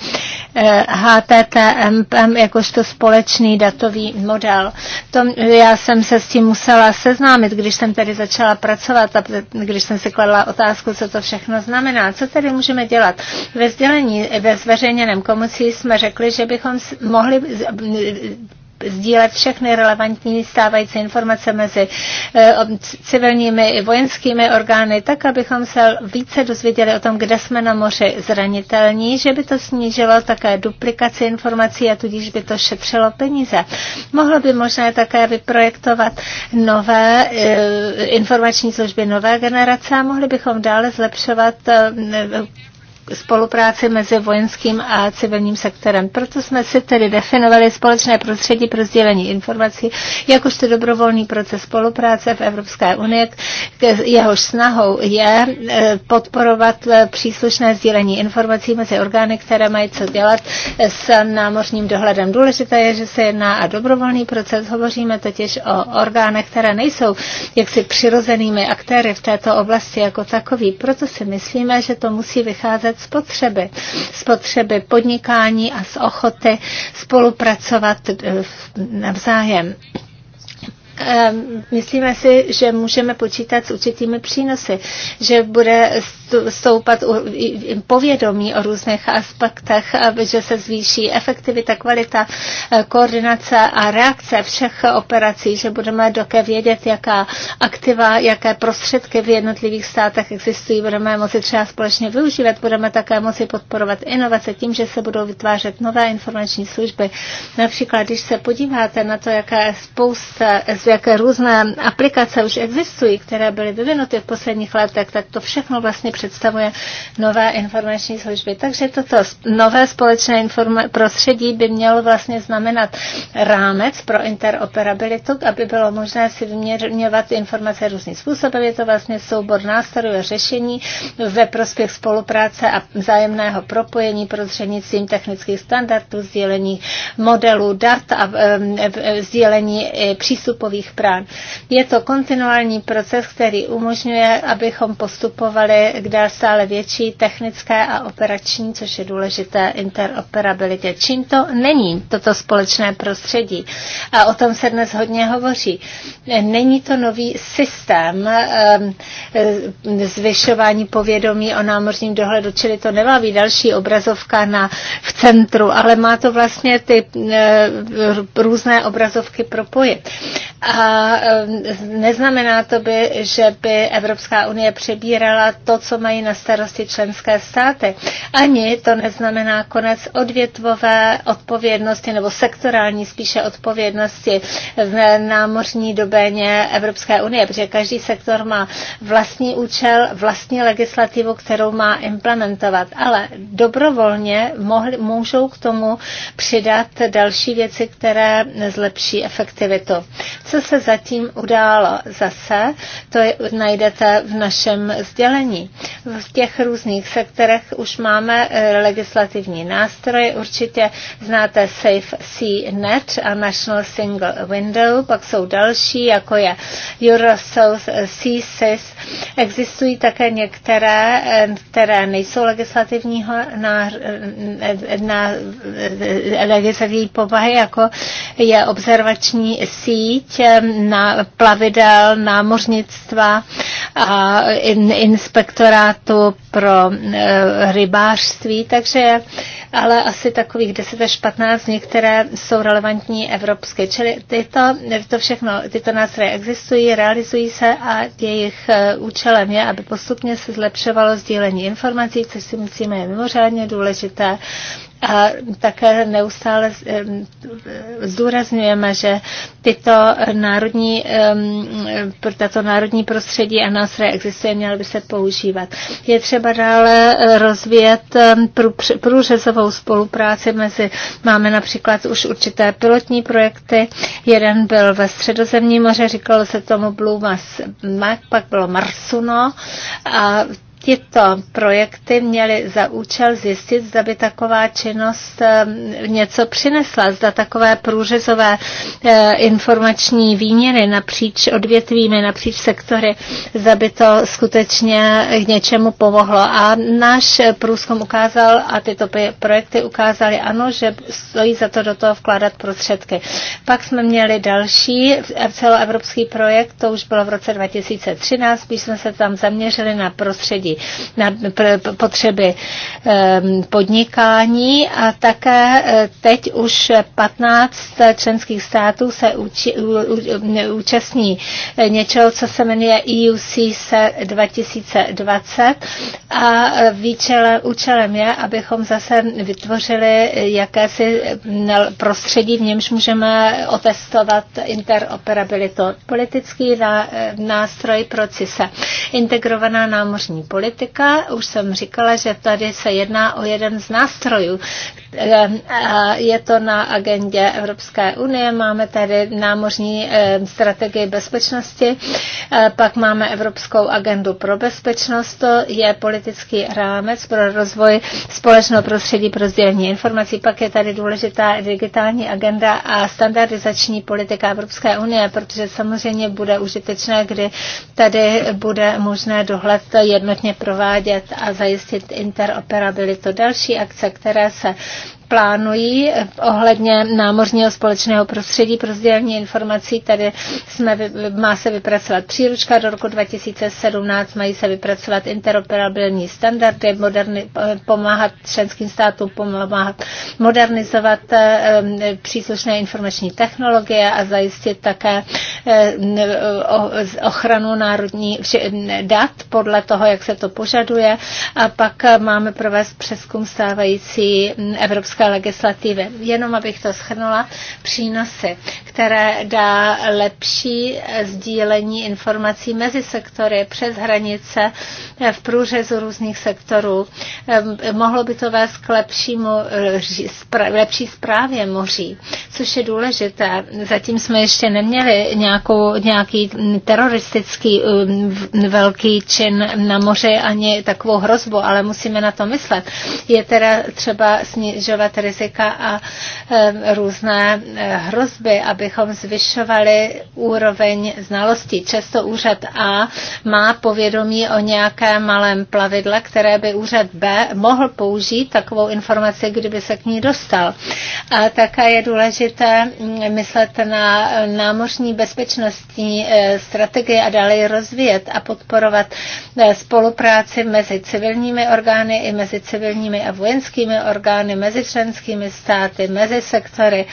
HTTMPM eh, jakožto společný datový model. To, já jsem se s tím musela seznámit, když jsem tady začala pracovat a když jsem si kladla otázku, co to všechno znamená. Co tedy můžeme dělat? Ve sdělení, ve zveřejněném komisí jsme řekli, že bychom mohli sdílet všechny relevantní stávající informace mezi eh, civilními i vojenskými orgány, tak abychom se více dozvěděli o tom, kde jsme na moři zranitelní, že by to snížilo také duplikaci informací a tudíž by to šetřilo peníze. Mohlo by možná také vyprojektovat nové eh, informační služby nové generace a mohli bychom dále zlepšovat eh, spolupráci mezi vojenským a civilním sektorem. Proto jsme si tedy definovali společné prostředí pro sdílení informací jakožto dobrovolný proces spolupráce v Evropské unii, jehož snahou je eh, podporovat eh, příslušné sdílení informací mezi orgány, které mají co dělat eh, s námořním dohledem. Důležité je, že se jedná a dobrovolný proces. Hovoříme totiž o orgánech, které nejsou jaksi přirozenými aktéry v této oblasti jako takový. Proto si myslíme, že to musí vycházet potřeby, spotřeby, spotřeby podnikání a z ochoty spolupracovat eh, navzájem. Ehm, myslíme si, že můžeme počítat s určitými přínosy, že bude stoupat povědomí o různých aspektech, že se zvýší efektivita, kvalita, eh, koordinace a reakce všech operací, že budeme doké vědět, jaká aktiva, jaké prostředky v jednotlivých státech existují, budeme moci třeba společně využívat, budeme také moci podporovat inovace tím, že se budou vytvářet nové informační služby. Například, když se podíváte na to, jaká je spousta jaké různé aplikace už existují, které byly vyvinuty v posledních letech, tak to všechno vlastně představuje nové informační služby. Takže toto nové společné prostředí by mělo vlastně znamenat rámec pro interoperabilitu, aby bylo možné si vyměňovat informace různým způsobem. Je to vlastně soubor nástrojů a řešení ve prospěch spolupráce a vzájemného propojení prostřednictvím technických standardů, sdílení modelů dat a sdílení přístupových nových prán. Je to kontinuální proces, který umožňuje, abychom postupovali k dál stále větší technické a operační, což je důležité, interoperabilitě. Čím to není, toto společné prostředí? A o tom se dnes hodně hovoří. Není to nový systém ehm, e, zvyšování povědomí o námořním dohledu, čili to nemá být další obrazovka na, v centru, ale má to vlastně ty e, různé obrazovky propojit. A neznamená to by, že by Evropská unie přebírala to, co mají na starosti členské státy. Ani to neznamená konec odvětvové odpovědnosti nebo sektorální spíše odpovědnosti v námořní doméně Evropské unie, protože každý sektor má vlastní účel, vlastní legislativu, kterou má implementovat. Ale dobrovolně mohli, můžou k tomu přidat další věci, které zlepší efektivitu. Co co se zatím událo. Zase to je, najdete v našem sdělení. V těch různých sektorech už máme eh, legislativní nástroje. Určitě znáte Safe Sea Net a National Single Window, pak jsou další, jako je Eurosouth, eh, CSIS. Existují také některé, eh, které nejsou legislativního na, na legislativní povahy, jako je observační síť na plavidel, námořnictva a inspektorátu pro eh, rybářství, takže ale asi takových 10 až 15, některé jsou relevantní evropské. Čili tyto, to všechno, tyto nástroje existují, realizují se a jejich eh, účelem je, aby postupně se zlepšovalo sdílení informací, což si myslíme je mimořádně důležité a také neustále zdůrazňujeme, že tyto národní, tato národní prostředí a nástroje existuje, měly by se používat. Je třeba dále rozvíjet průřezovou spolupráci mezi, máme například už určité pilotní projekty, jeden byl ve Středozemním moře, říkalo se tomu Blue Mass Mac, pak bylo Marsuno a tyto projekty měly za účel zjistit, zda by taková činnost ehm, něco přinesla, zda takové průřezové eh, informační výměny napříč odvětvími, napříč sektory, zda by to skutečně k něčemu pomohlo. A náš průzkum ukázal a tyto projekty ukázaly ano, že stojí za to do toho vkládat prostředky. Pak jsme měli další celoevropský projekt, to už bylo v roce 2013, když jsme se tam zaměřili na prostředí potřebují na potřeby podnikání a také e, teď už 15 členských států se účastní něčeho, co se jmenuje e se 2020 a výčele, účelem je, abychom zase vytvořili jakési prostředí, v němž můžeme otestovat interoperabilitu. Politický e, nástroj pro CISA, integrovaná námořní politika, politika. Už jsem říkala, že tady se jedná o jeden z nástrojů, Eh, je to na agendě Evropské unie, máme tady námořní eh, strategii bezpečnosti, eh, pak máme Evropskou agendu pro bezpečnost, to je politický rámec pro rozvoj společného prostředí pro sdělení informací, pak je tady důležitá digitální agenda a standardizační politika Evropské unie, protože samozřejmě bude užitečné, kdy tady bude možné dohled jednotně provádět a zajistit interoperabilitu. Další akce, které se plánují ohledně námořního společného prostředí pro sdělení informací. Tady jsme, má se vypracovat příručka do roku 2017, mají se vypracovat interoperabilní standardy, moderni, pomáhat členským státům, pomáhat modernizovat eh, eh, příslušné informační technologie a zajistit také eh, ochranu národní dat podle toho, jak se to požaduje. A pak máme provést přeskum stávající mm, Evropské evropské legislativy. Jenom abych to schrnula, přínosy, které dá lepší sdílení informací mezi sektory, přes hranice, v průřezu různých sektorů. Mohlo by to vést k lepšímu, lepší zprávě moří, což je důležité. Zatím jsme ještě neměli nějakou, nějaký teroristický velký čin na moři ani takovou hrozbu, ale musíme na to myslet. Je teda třeba snižovat analyzovat rizika a různé hrozby, abychom zvyšovali úroveň znalostí. Často úřad A má povědomí o nějakém malém plavidle, které by úřad B mohl použít takovou informaci, kdyby se k ní dostal. A také je důležité myslet na námořní bezpečnostní e, strategii a dále rozvíjet a podporovat e, spolupráci mezi civilními orgány i mezi civilními a vojenskými orgány, mezi členskými státy, mezi sektory.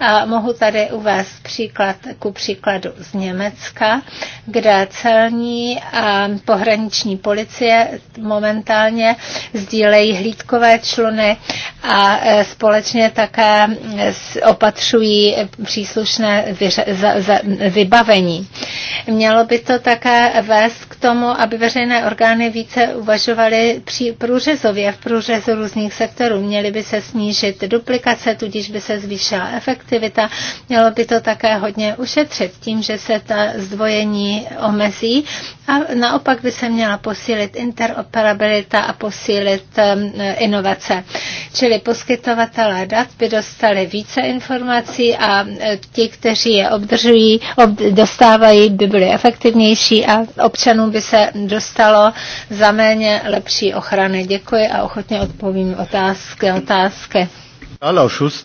A mohu tady uvést příklad ku příkladu z Německa, kde celní a pohraniční policie momentálně sdílejí hlídkové čluny a e, společně také opatřují příslušné vybavení. Mělo by to také vést k tomu, aby veřejné orgány více uvažovaly průřezově v průřezu různých sektorů. Měly by se ní snížit duplikace, tudíž by se zvýšila efektivita. Mělo by to také hodně ušetřit tím, že se ta zdvojení omezí a naopak by se měla posílit interoperabilita a posílit inovace. Čili poskytovatelé dat by dostali více informací a ti, kteří je obdržují, ob, dostávají, by byli efektivnější a občanům by se dostalo za méně lepší ochrany. Děkuji a ochotně odpovím otázky. otázky. Rike.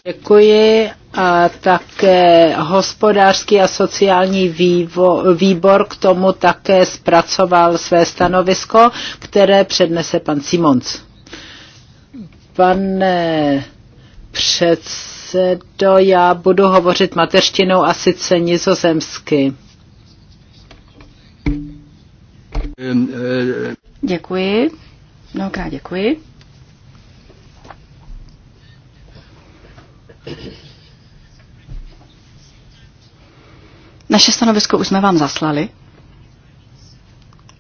Děkuji a také hospodářský a sociální vývo, výbor k tomu také zpracoval své stanovisko, které přednese pan Simons. Pane předsedo, já budu hovořit mateřštinou a sice nizozemsky. Děkuji. Mnohokrát děkuji. Naše stanovisko už jsme vám zaslali.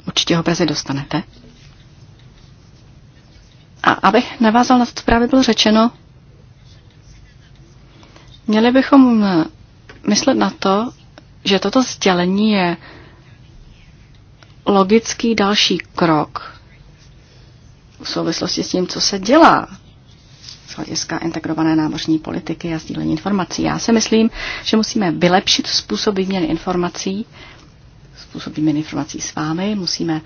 Určitě ho brzy dostanete. A abych navázal na to, co právě bylo řečeno, měli bychom eh, myslet na to, že toto sdělení je logický další krok v souvislosti s tím, co se dělá z hlediska integrované námořní politiky a sdílení informací. Já si myslím, že musíme vylepšit způsob výměny informací, způsob výměny informací s vámi, musíme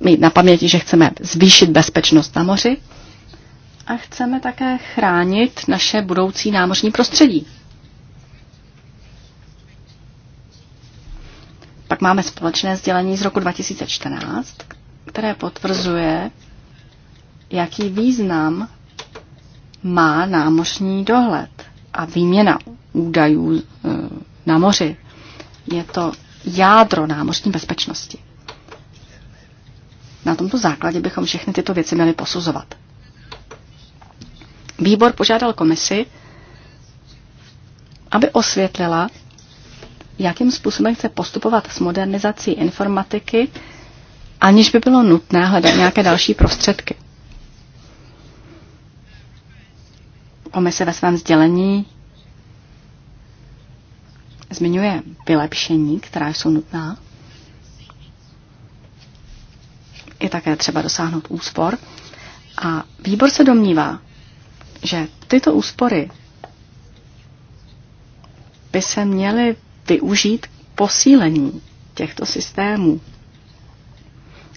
mít na paměti, že chceme zvýšit bezpečnost na moři a chceme také chránit naše budoucí námořní prostředí. Pak máme společné sdělení z roku 2014, které potvrzuje, jaký význam má námořní dohled a výměna údajů e, na moři. Je to jádro námořní bezpečnosti. Na tomto základě bychom všechny tyto věci měli posuzovat. Výbor požádal komisi, aby osvětlila, jakým způsobem chce postupovat s modernizací informatiky, aniž by bylo nutné hledat nějaké další prostředky. Komise ve svém sdělení zmiňuje vylepšení, která jsou nutná. Je také třeba dosáhnout úspor. A výbor se domnívá, že tyto úspory by se měly využít k posílení těchto systémů.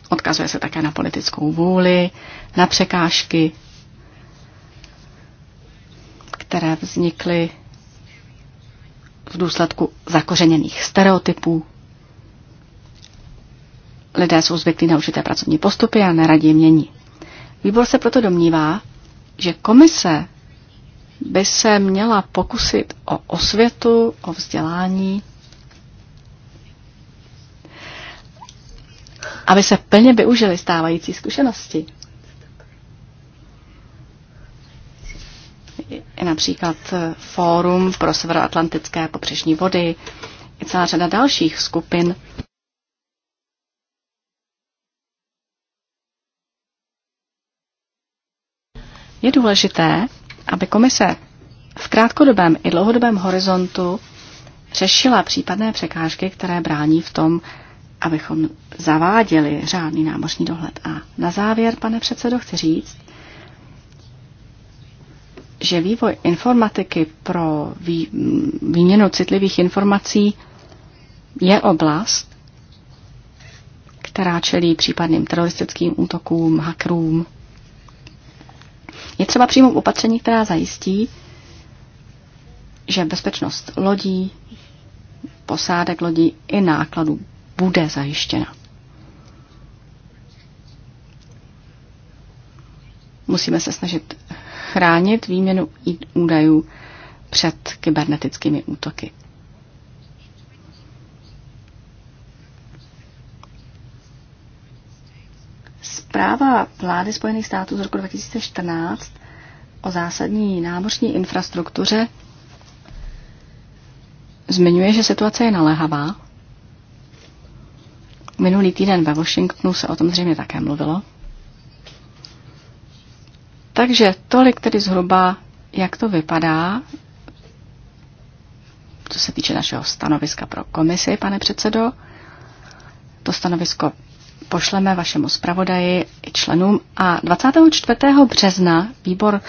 Odkazuje se také na politickou vůli, na překážky, které vznikly v důsledku zakořeněných stereotypů. Lidé jsou zvyklí na určité pracovní postupy a neradí mění. Výbor se proto domnívá, že komise by se měla pokusit o osvětu, o vzdělání, aby se plně využili stávající zkušenosti. například eh, Fórum pro severoatlantické pobřežní vody i celá řada dalších skupin. Je důležité, aby komise v krátkodobém i dlouhodobém horizontu řešila případné překážky, které brání v tom, abychom zaváděli řádný námořní dohled. A na závěr, pane předsedo, chci říct, že vývoj informatiky pro vý, výměnu citlivých informací je oblast, která čelí případným teroristickým útokům, hackerům. Je třeba přijmout opatření, která zajistí, že bezpečnost lodí, posádek lodí i nákladů bude zajištěna. Musíme se snažit chránit výměnu údajů před kybernetickými útoky. Zpráva vlády Spojených států z roku 2014 o zásadní námořní infrastruktuře zmiňuje, že situace je naléhavá. Minulý týden ve Washingtonu se o tom zřejmě také mluvilo. Takže tolik tedy zhruba, jak to vypadá, co se týče našeho stanoviska pro komisi, pane předsedo. To stanovisko pošleme vašemu zpravodaji i členům. A 24. března výbor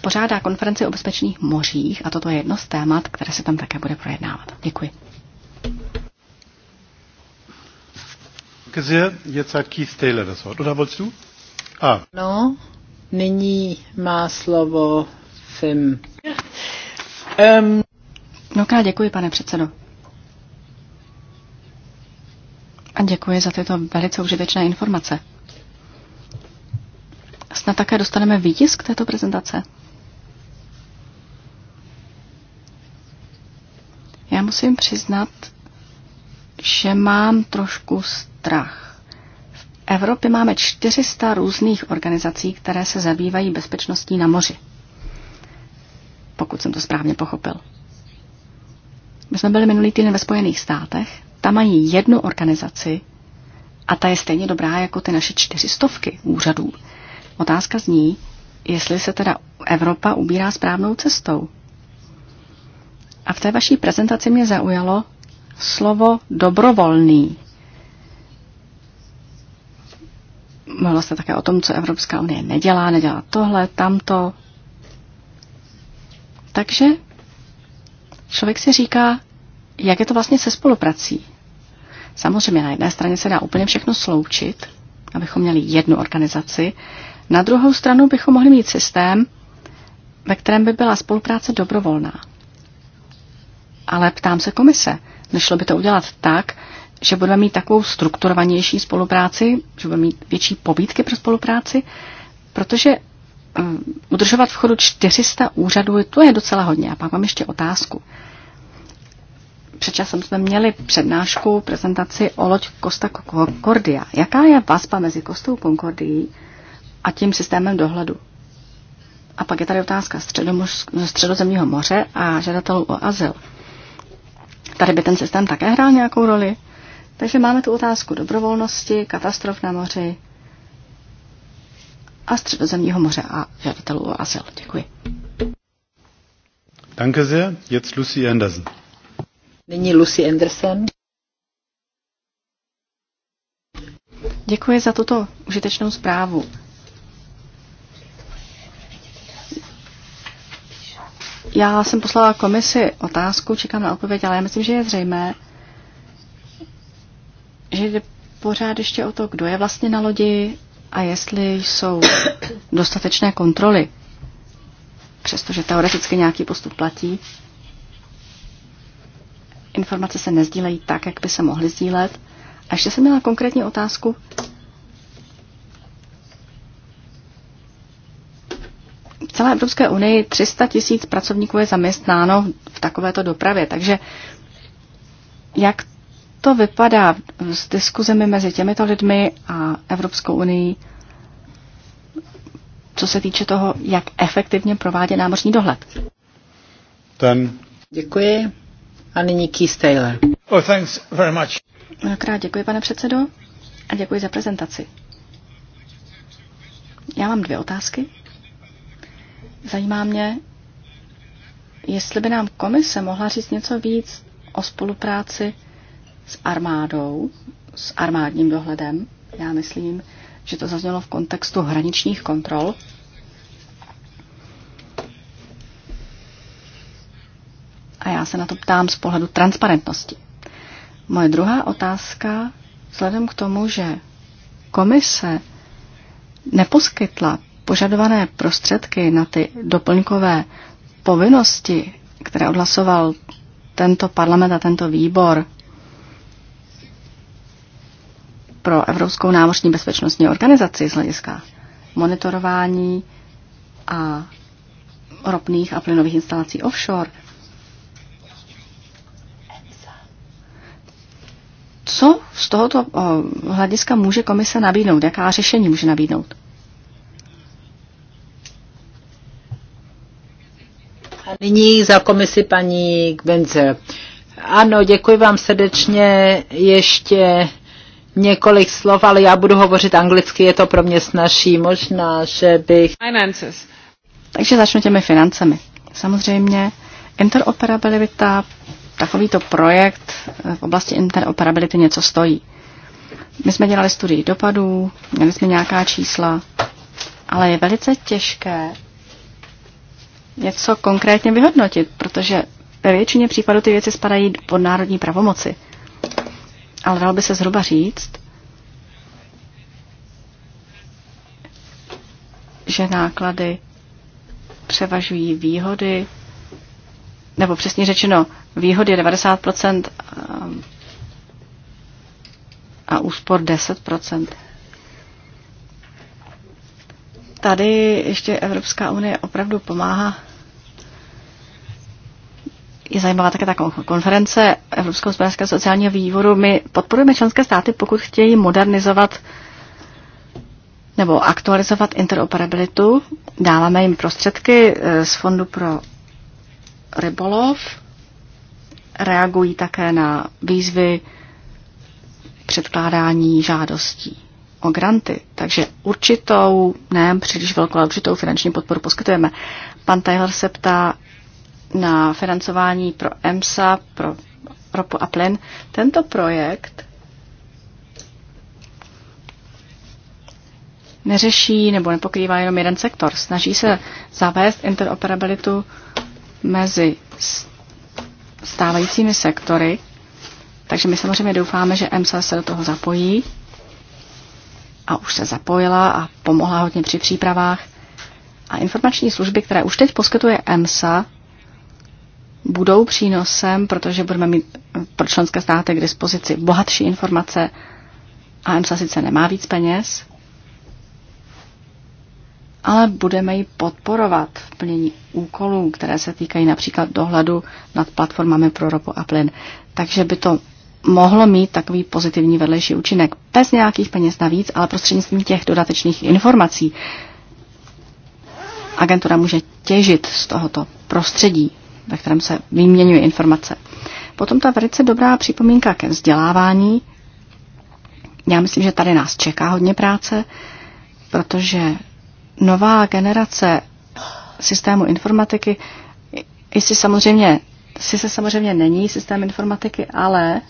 pořádá konferenci o bezpečných mořích a toto je jedno z témat, které se tam také bude projednávat. Děkuji. Gesehen, jetzt hat Keith Taylor das Wort. Oder wolltest du? Ah. No, Nyní má slovo FIM. Um. Mnohokrát děkuji, pane předsedo. A děkuji za tyto velice užitečné informace. Snad také dostaneme výtisk této prezentace. Já musím přiznat, že mám trošku strach. Evropy máme 400 různých organizací, které se zabývají bezpečností na moři. Pokud jsem to správně pochopil. My jsme byli minulý týden ve Spojených státech, tam mají jednu organizaci a ta je stejně dobrá jako ty naše čtyřistovky úřadů. Otázka zní, jestli se teda Evropa ubírá správnou cestou. A v té vaší prezentaci mě zaujalo slovo dobrovolný. mluvila vlastně se také o tom, co Evropská unie nedělá, nedělá tohle, tamto. Takže člověk si říká, jak je to vlastně se spoluprací. Samozřejmě na jedné straně se dá úplně všechno sloučit, abychom měli jednu organizaci. Na druhou stranu bychom mohli mít systém, ve kterém by byla spolupráce dobrovolná. Ale ptám se komise, nešlo by to udělat tak, že budeme mít takovou strukturovanější spolupráci, že budeme mít větší pobídky pro spolupráci, protože um, udržovat v chodu 400 úřadů, to je docela hodně. A pak mám ještě otázku. Předčasem jsme měli přednášku, prezentaci o loď Costa Concordia. Jaká je vazba mezi Kostou Concordií a tím systémem dohledu? A pak je tady otázka ze středozemního moře a žadatelů o azyl. Tady by ten systém také hrál nějakou roli? Takže máme tu otázku dobrovolnosti, katastrof na moři a středozemního moře a žadatelů o azyl. Děkuji. Danke sehr. Jetzt Lucy Anderson. Nyní Lucy Anderson. Děkuji za tuto užitečnou zprávu. Já jsem poslala komisi otázku, čekám na odpověď, ale já myslím, že je zřejmé, že jde pořád ještě o to, kdo je vlastně na lodi a jestli jsou dostatečné kontroly. Přestože teoreticky nějaký postup platí, informace se nezdílejí tak, jak by se mohly sdílet. A ještě jsem měla konkrétní otázku. V celé Evropské unii 300 tisíc pracovníků je zaměstnáno v takovéto dopravě, takže jak to vypadá s diskuzemi mezi těmito lidmi a Evropskou unii, co se týče toho, jak efektivně provádě námořní dohled? Ten. Děkuji. A nyní Keith Taylor. Oh, thanks very much. Mnohokrát děkuji, pane předsedo, a děkuji za prezentaci. Já mám dvě otázky. Zajímá mě, jestli by nám komise mohla říct něco víc o spolupráci s armádou, s armádním dohledem. Já myslím, že to zaznělo v kontextu hraničních kontrol. A já se na to ptám z pohledu transparentnosti. Moje druhá otázka, vzhledem k tomu, že komise neposkytla požadované prostředky na ty doplňkové povinnosti, které odhlasoval tento parlament a tento výbor pro Evropskou námořní bezpečnostní organizaci z hlediska monitorování a ropných a plynových instalací offshore. Co z tohoto eh, hlediska může komise nabídnout? Jaká řešení může nabídnout? A nyní za komisi paní Gvenzel. Ano, děkuji vám srdečně. Ještě několik slov, ale já budu hovořit anglicky, je to pro mě snažší. Možná, že bych... Finances. Takže začnu těmi financemi. Samozřejmě interoperabilita, takovýto projekt v oblasti interoperability něco stojí. My jsme dělali studii dopadů, měli jsme nějaká čísla, ale je velice těžké něco konkrétně vyhodnotit, protože ve většině případů ty věci spadají pod národní pravomoci ale dal by se zhruba říct, že náklady převažují výhody, nebo přesně řečeno, výhody je 90% ehm, a úspor 10%. Tady ještě Evropská unie opravdu pomáhá je zajímavá také ta konference Evropského hospodářského sociálního výboru. My podporujeme členské státy, pokud chtějí modernizovat nebo aktualizovat interoperabilitu. Dáváme jim prostředky eh, z Fondu pro rybolov. Reagují také na výzvy předkládání žádostí o granty. Takže určitou, ne příliš velkou, ale určitou finanční podporu poskytujeme. Pan Taylor se ptá, na financování pro EMSA, pro ropu a plyn. Tento projekt neřeší nebo nepokrývá jenom jeden sektor. Snaží se zavést interoperabilitu mezi stávajícími sektory, takže my samozřejmě doufáme, že EMSA se do toho zapojí a už se zapojila a pomohla hodně při přípravách. A informační služby, které už teď poskytuje EMSA, budou přínosem, protože budeme mít eh, pro členské státy k dispozici bohatší informace. A EMSA sice nemá víc peněz, ale budeme ji podporovat v plnění úkolů, které se týkají například dohledu nad platformami pro ropu a plyn. Takže by to mohlo mít takový pozitivní vedlejší účinek. Bez nějakých peněz navíc, ale prostřednictvím těch dodatečných informací. Agentura může těžit z tohoto prostředí ve kterém se vyměňuje informace. Potom ta velice dobrá připomínka ke vzdělávání. Já myslím, že tady nás čeká hodně práce, protože nová generace systému informatiky, jestli samozřejmě, si se samozřejmě není systém informatiky, ale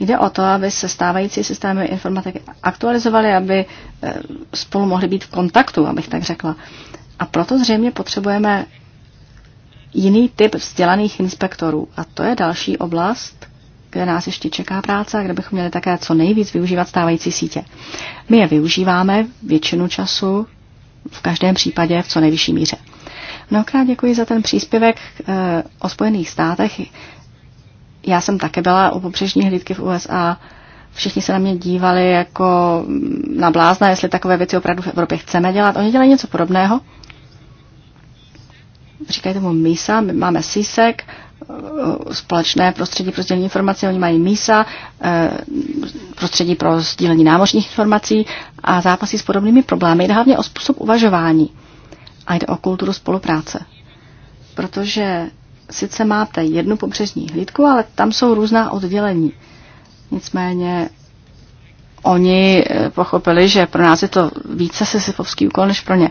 Jde o to, aby se stávající systémy informatiky aktualizovaly, aby eh, spolu mohli být v kontaktu, abych tak řekla. A proto zřejmě potřebujeme jiný typ vzdělaných inspektorů. A to je další oblast, kde nás ještě čeká práce a kde bychom měli také co nejvíc využívat stávající sítě. My je využíváme většinu času, v každém případě v co nejvyšší míře. Mnohokrát děkuji za ten příspěvek eh, o Spojených státech. Já jsem také byla u pobřežní hlídky v USA. Všichni se na mě dívali jako mm, na blázna, jestli takové věci opravdu v Evropě chceme dělat. Oni dělají něco podobného. Říkají tomu MISA, my máme sísek eh, společné prostředí pro sdílení informací, oni mají MISA, eh, prostředí pro sdílení námořních informací a zápasí s podobnými problémy. Jde hlavně o způsob uvažování a jde o kulturu spolupráce. Protože sice máte jednu pobřežní hlídku, ale tam jsou různá oddělení. Nicméně oni eh, pochopili, že pro nás je to více sisyfovský úkol než pro ně.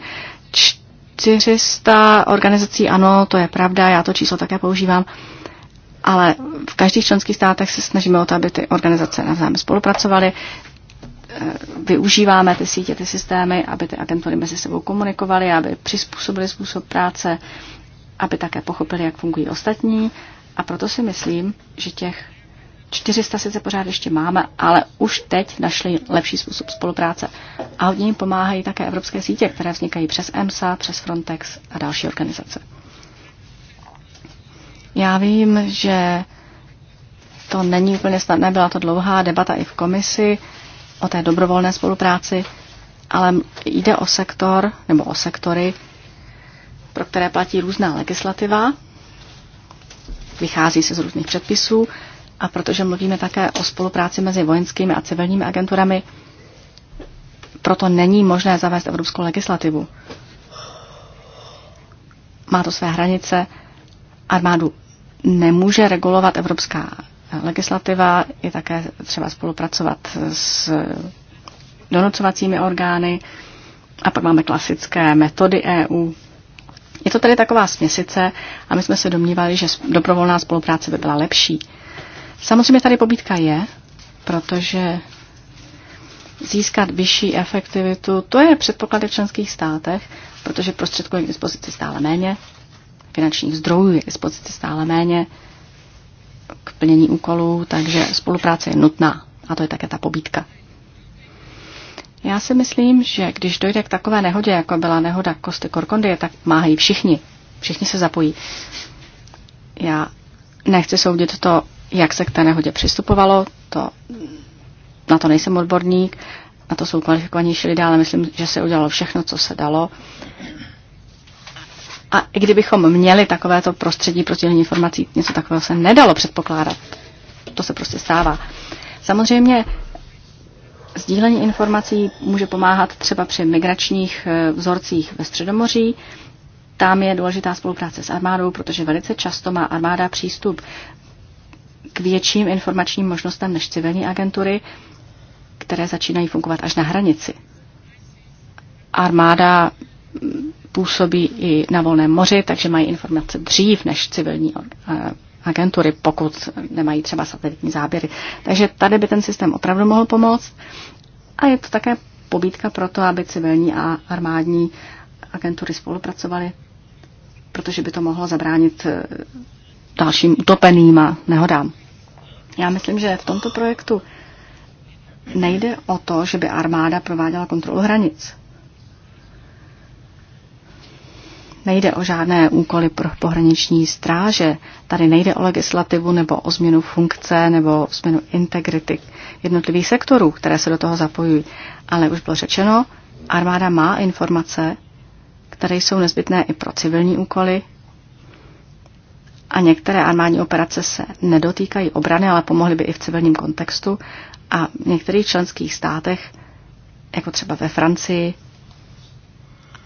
400 organizací, ano, to je pravda, já to číslo také používám, ale v každých členských státech se snažíme o to, aby ty organizace navzájem spolupracovaly. Eh, využíváme ty sítě, ty systémy, aby ty agentury mezi sebou komunikovaly, aby přizpůsobili způsob práce, aby také pochopili, jak fungují ostatní. A proto si myslím, že těch 400 sice pořád ještě máme, ale už teď našli lepší způsob spolupráce. A hodně jim pomáhají také evropské sítě, které vznikají přes EMSA, přes Frontex a další organizace. Já vím, že to není úplně snadné, byla to dlouhá debata i v komisi o té dobrovolné spolupráci, ale jde o sektor nebo o sektory, pro které platí různá legislativa, vychází se z různých předpisů a protože mluvíme také o spolupráci mezi vojenskými a civilními agenturami, proto není možné zavést evropskou legislativu. Má to své hranice. Armádu nemůže regulovat evropská legislativa, je také třeba spolupracovat s donocovacími orgány a pak máme klasické metody EU. Je to tedy taková směsice a my jsme se domnívali, že dobrovolná spolupráce by byla lepší. Samozřejmě tady pobídka je, protože získat vyšší efektivitu, to je předpoklad v členských státech, protože prostředků je k dispozici stále méně, finančních zdrojů je k dispozici stále méně k plnění úkolů, takže spolupráce je nutná a to je také ta pobídka. Já si myslím, že když dojde k takové nehodě, jako byla nehoda Kosty Korkondie, tak máhají všichni. Všichni se zapojí. Já nechci soudit to jak se k té nehodě přistupovalo, to, na to nejsem odborník, na to jsou kvalifikovanější lidé, ale myslím, že se udělalo všechno, co se dalo. A i kdybychom měli takovéto prostředí pro sdělení informací, něco takového se nedalo předpokládat. To se prostě stává. Samozřejmě sdílení informací může pomáhat třeba při migračních eh, vzorcích ve Středomoří. Tam je důležitá spolupráce s armádou, protože velice často má armáda přístup k větším informačním možnostem než civilní agentury, které začínají fungovat až na hranici. Armáda působí i na volném moři, takže mají informace dřív než civilní eh, agentury, pokud nemají třeba satelitní záběry. Takže tady by ten systém opravdu mohl pomoct. A je to také pobídka pro to, aby civilní a armádní agentury spolupracovaly, protože by to mohlo zabránit eh, dalším utopeným a nehodám. Já myslím, že v tomto projektu nejde o to, že by armáda prováděla kontrolu hranic. Nejde o žádné úkoly pro pohraniční stráže. Tady nejde o legislativu nebo o změnu funkce nebo o změnu integrity jednotlivých sektorů, které se do toho zapojují. Ale už bylo řečeno, armáda má informace, které jsou nezbytné i pro civilní úkoly, a některé armádní operace se nedotýkají obrany, ale pomohly by i v civilním kontextu a v některých členských státech, jako třeba ve Francii,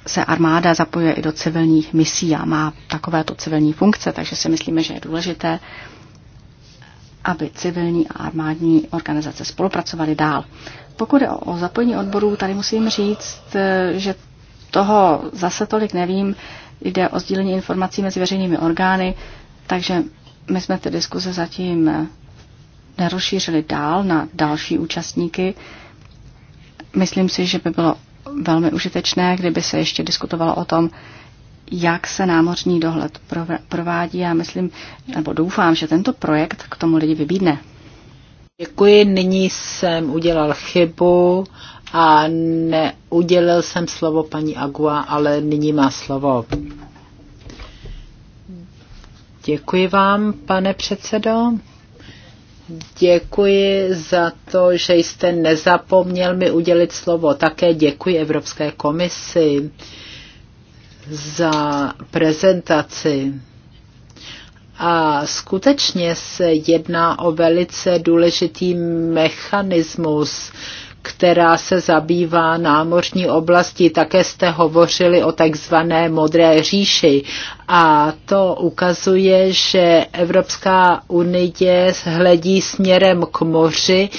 se armáda zapojuje i do civilních misí a má takovéto civilní funkce, takže si myslíme, že je důležité, aby civilní a armádní organizace spolupracovaly dál. Pokud je o zapojení odborů, tady musím říct, e, že toho zase tolik nevím. Jde o sdílení informací mezi veřejnými orgány. Takže my jsme ty diskuze zatím eh, nerozšířili dál na další účastníky. Myslím si, že by bylo velmi užitečné, kdyby se ještě diskutovalo o tom, jak se námořní dohled provádí. Já myslím, nebo doufám, že tento projekt k tomu lidi vybídne. Děkuji, nyní jsem udělal chybu a neudělil jsem slovo paní Agua, ale nyní má slovo. Děkuji vám, pane předsedo. Děkuji za to, že jste nezapomněl mi udělit slovo. Také děkuji Evropské komisi za prezentaci. A skutečně se jedná o velice důležitý mechanismus, která se zabývá námořní oblastí. Také jste hovořili o takzvané modré říši a to ukazuje, že Evropská unie hledí směrem k moři,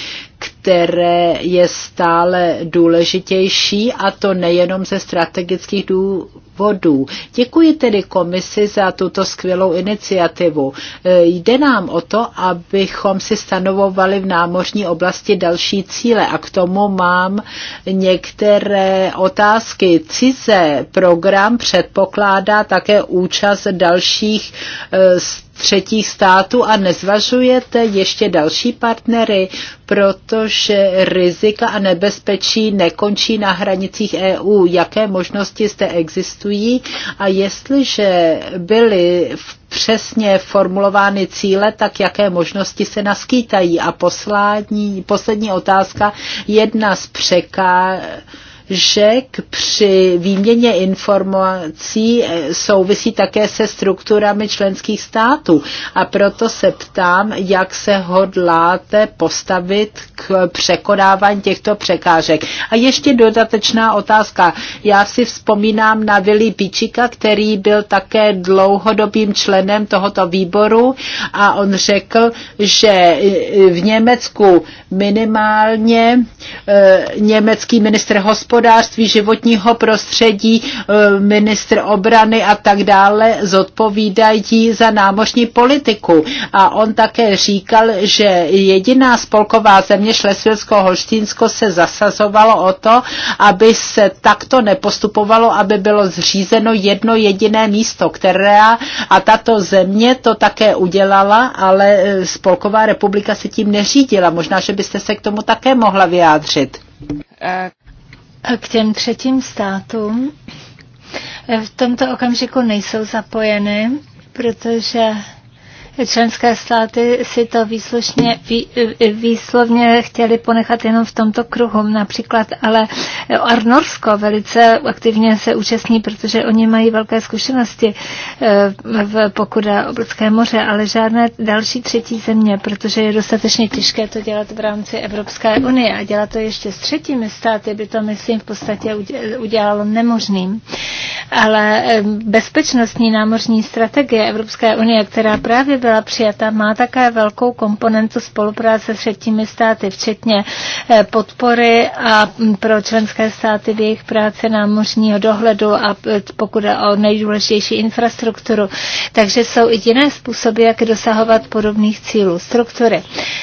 které je stále důležitější a to nejenom ze strategických důvodů. Děkuji tedy komisi za tuto skvělou iniciativu. E, jde nám o to, abychom si stanovovali v námořní oblasti další cíle a k tomu mám některé otázky. CIZE program předpokládá také účast dalších e, třetích států a nezvažujete ještě další partnery, protože rizika a nebezpečí nekončí na hranicích EU. Jaké možnosti zde existují a jestliže byly v přesně formulovány cíle, tak jaké možnosti se naskýtají. A poslední, poslední otázka, jedna z překážek, že k při výměně informací eh, souvisí také se strukturami členských států. A proto se ptám, jak se hodláte postavit k překonávání těchto překážek. A ještě dodatečná otázka. Já si vzpomínám na Vili Pičika, který byl také dlouhodobým členem tohoto výboru a on řekl, že eh, v Německu minimálně E, německý ministr hospodářství, životního prostředí, e, ministr obrany a tak dále zodpovídají za námořní politiku. A on také říkal, že jediná spolková země Šlesvětsko-Holštínsko se zasazovalo o to, aby se takto nepostupovalo, aby bylo zřízeno jedno jediné místo, které a tato země to také udělala, ale e, Spolková republika se tím neřídila. Možná, že byste se k tomu také mohla vyjádřit řešit. K těm třetím státům eh, v tomto okamžiku nejsou zapojeny, protože Členské státy si to výslušně, vý, e, výslovně chtěli ponechat jenom v tomto kruhu. Například ale Arnorsko velice aktivně se účastní, protože oni mají velké zkušenosti e, v pokuda Oblické moře, ale žádné další třetí země, protože je dostatečně těžké to dělat v rámci Evropské unie a dělat to ještě s třetími státy by to, myslím, v podstatě udělalo nemožným. Ale e, bezpečnostní námořní strategie Evropské unie, která právě byla přijata, má také velkou komponentu spolupráce s třetími státy, včetně eh, podpory a mm, pro členské státy v jejich práce námořního dohledu a eh, pokud je o nejdůležitější infrastrukturu. Takže jsou i jiné způsoby, jak dosahovat podobných cílů. Struktury.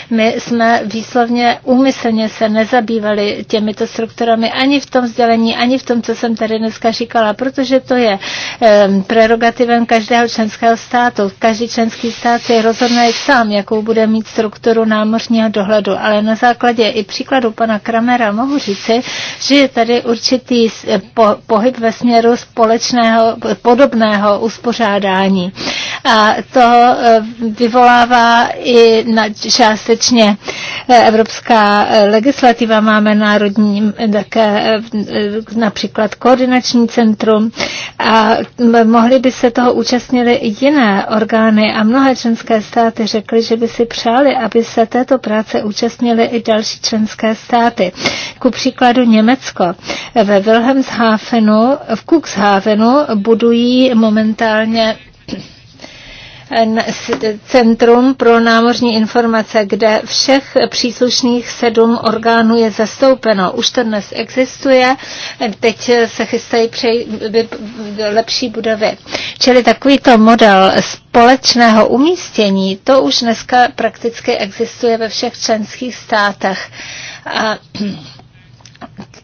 My jsme výslovně úmyslně se nezabývali těmito strukturami ani v tom vzdělení, ani v tom, co jsem tady dneska říkala, protože to je eh, prerogativem každého členského státu. Každý členský stát stát si rozhodne sám, jakou bude mít strukturu námořního dohledu. Ale na základě i příkladu pana Kramera mohu říci, že je tady určitý po, pohyb ve směru společného, podobného uspořádání. A to e, vyvolává i na, částečně e, evropská e, legislativa. Máme národní také například koordinační centrum a mohly by se toho účastnili jiné orgány a mnohé členské státy řekly, že by si přáli, aby se této práce účastnily i další členské státy. Ku příkladu Německo. Ve Wilhelmshafenu, v Cuxhavenu budují momentálně Centrum pro námořní informace, kde všech příslušných sedm orgánů je zastoupeno. Už to dnes existuje, teď se chystají přej, lepší budovy. Čili takovýto model společného umístění, to už dneska prakticky existuje ve všech členských státech. A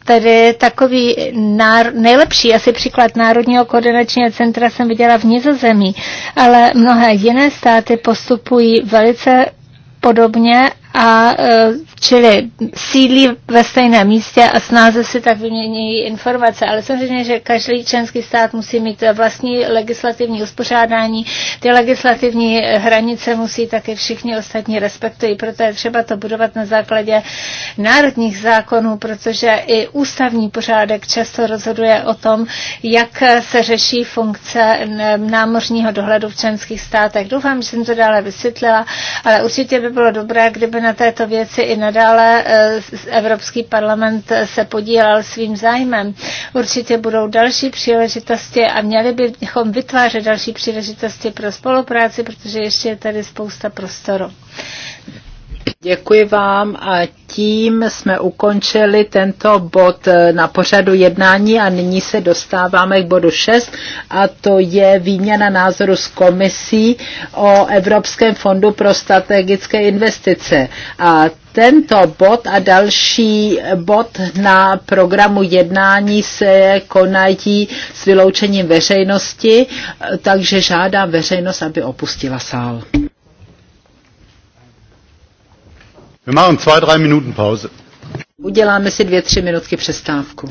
Tady takový nár- nejlepší asi příklad Národního koordinačního centra jsem viděla v Nizozemí, ale mnohé jiné státy postupují velice podobně a e, čili sídlí ve stejném místě a snáze si tak vymění informace. Ale samozřejmě, že každý členský stát musí mít vlastní legislativní uspořádání. Ty legislativní hranice musí také všichni ostatní respektují. Proto je třeba to budovat na základě národních zákonů, protože i ústavní pořádek často rozhoduje o tom, jak se řeší funkce námořního dohledu v členských státech. Doufám, že jsem to dále vysvětlila, ale určitě by bylo dobré, kdyby na této věci i nadále eh, Evropský parlament se podílel svým zájmem. Určitě budou další příležitosti a měli bychom vytvářet další příležitosti pro spolupráci, protože ještě je tady spousta prostoru. Děkuji vám a tím jsme ukončili tento bod eh, na pořadu jednání a nyní se dostáváme k bodu 6 a to je výměna názoru s komisí o Evropském fondu pro strategické investice. A tento bod a další bod na programu jednání se konají s vyloučením veřejnosti, eh, takže žádám veřejnost, aby opustila sál. Uděláme si dvě, tři minutky přestávku.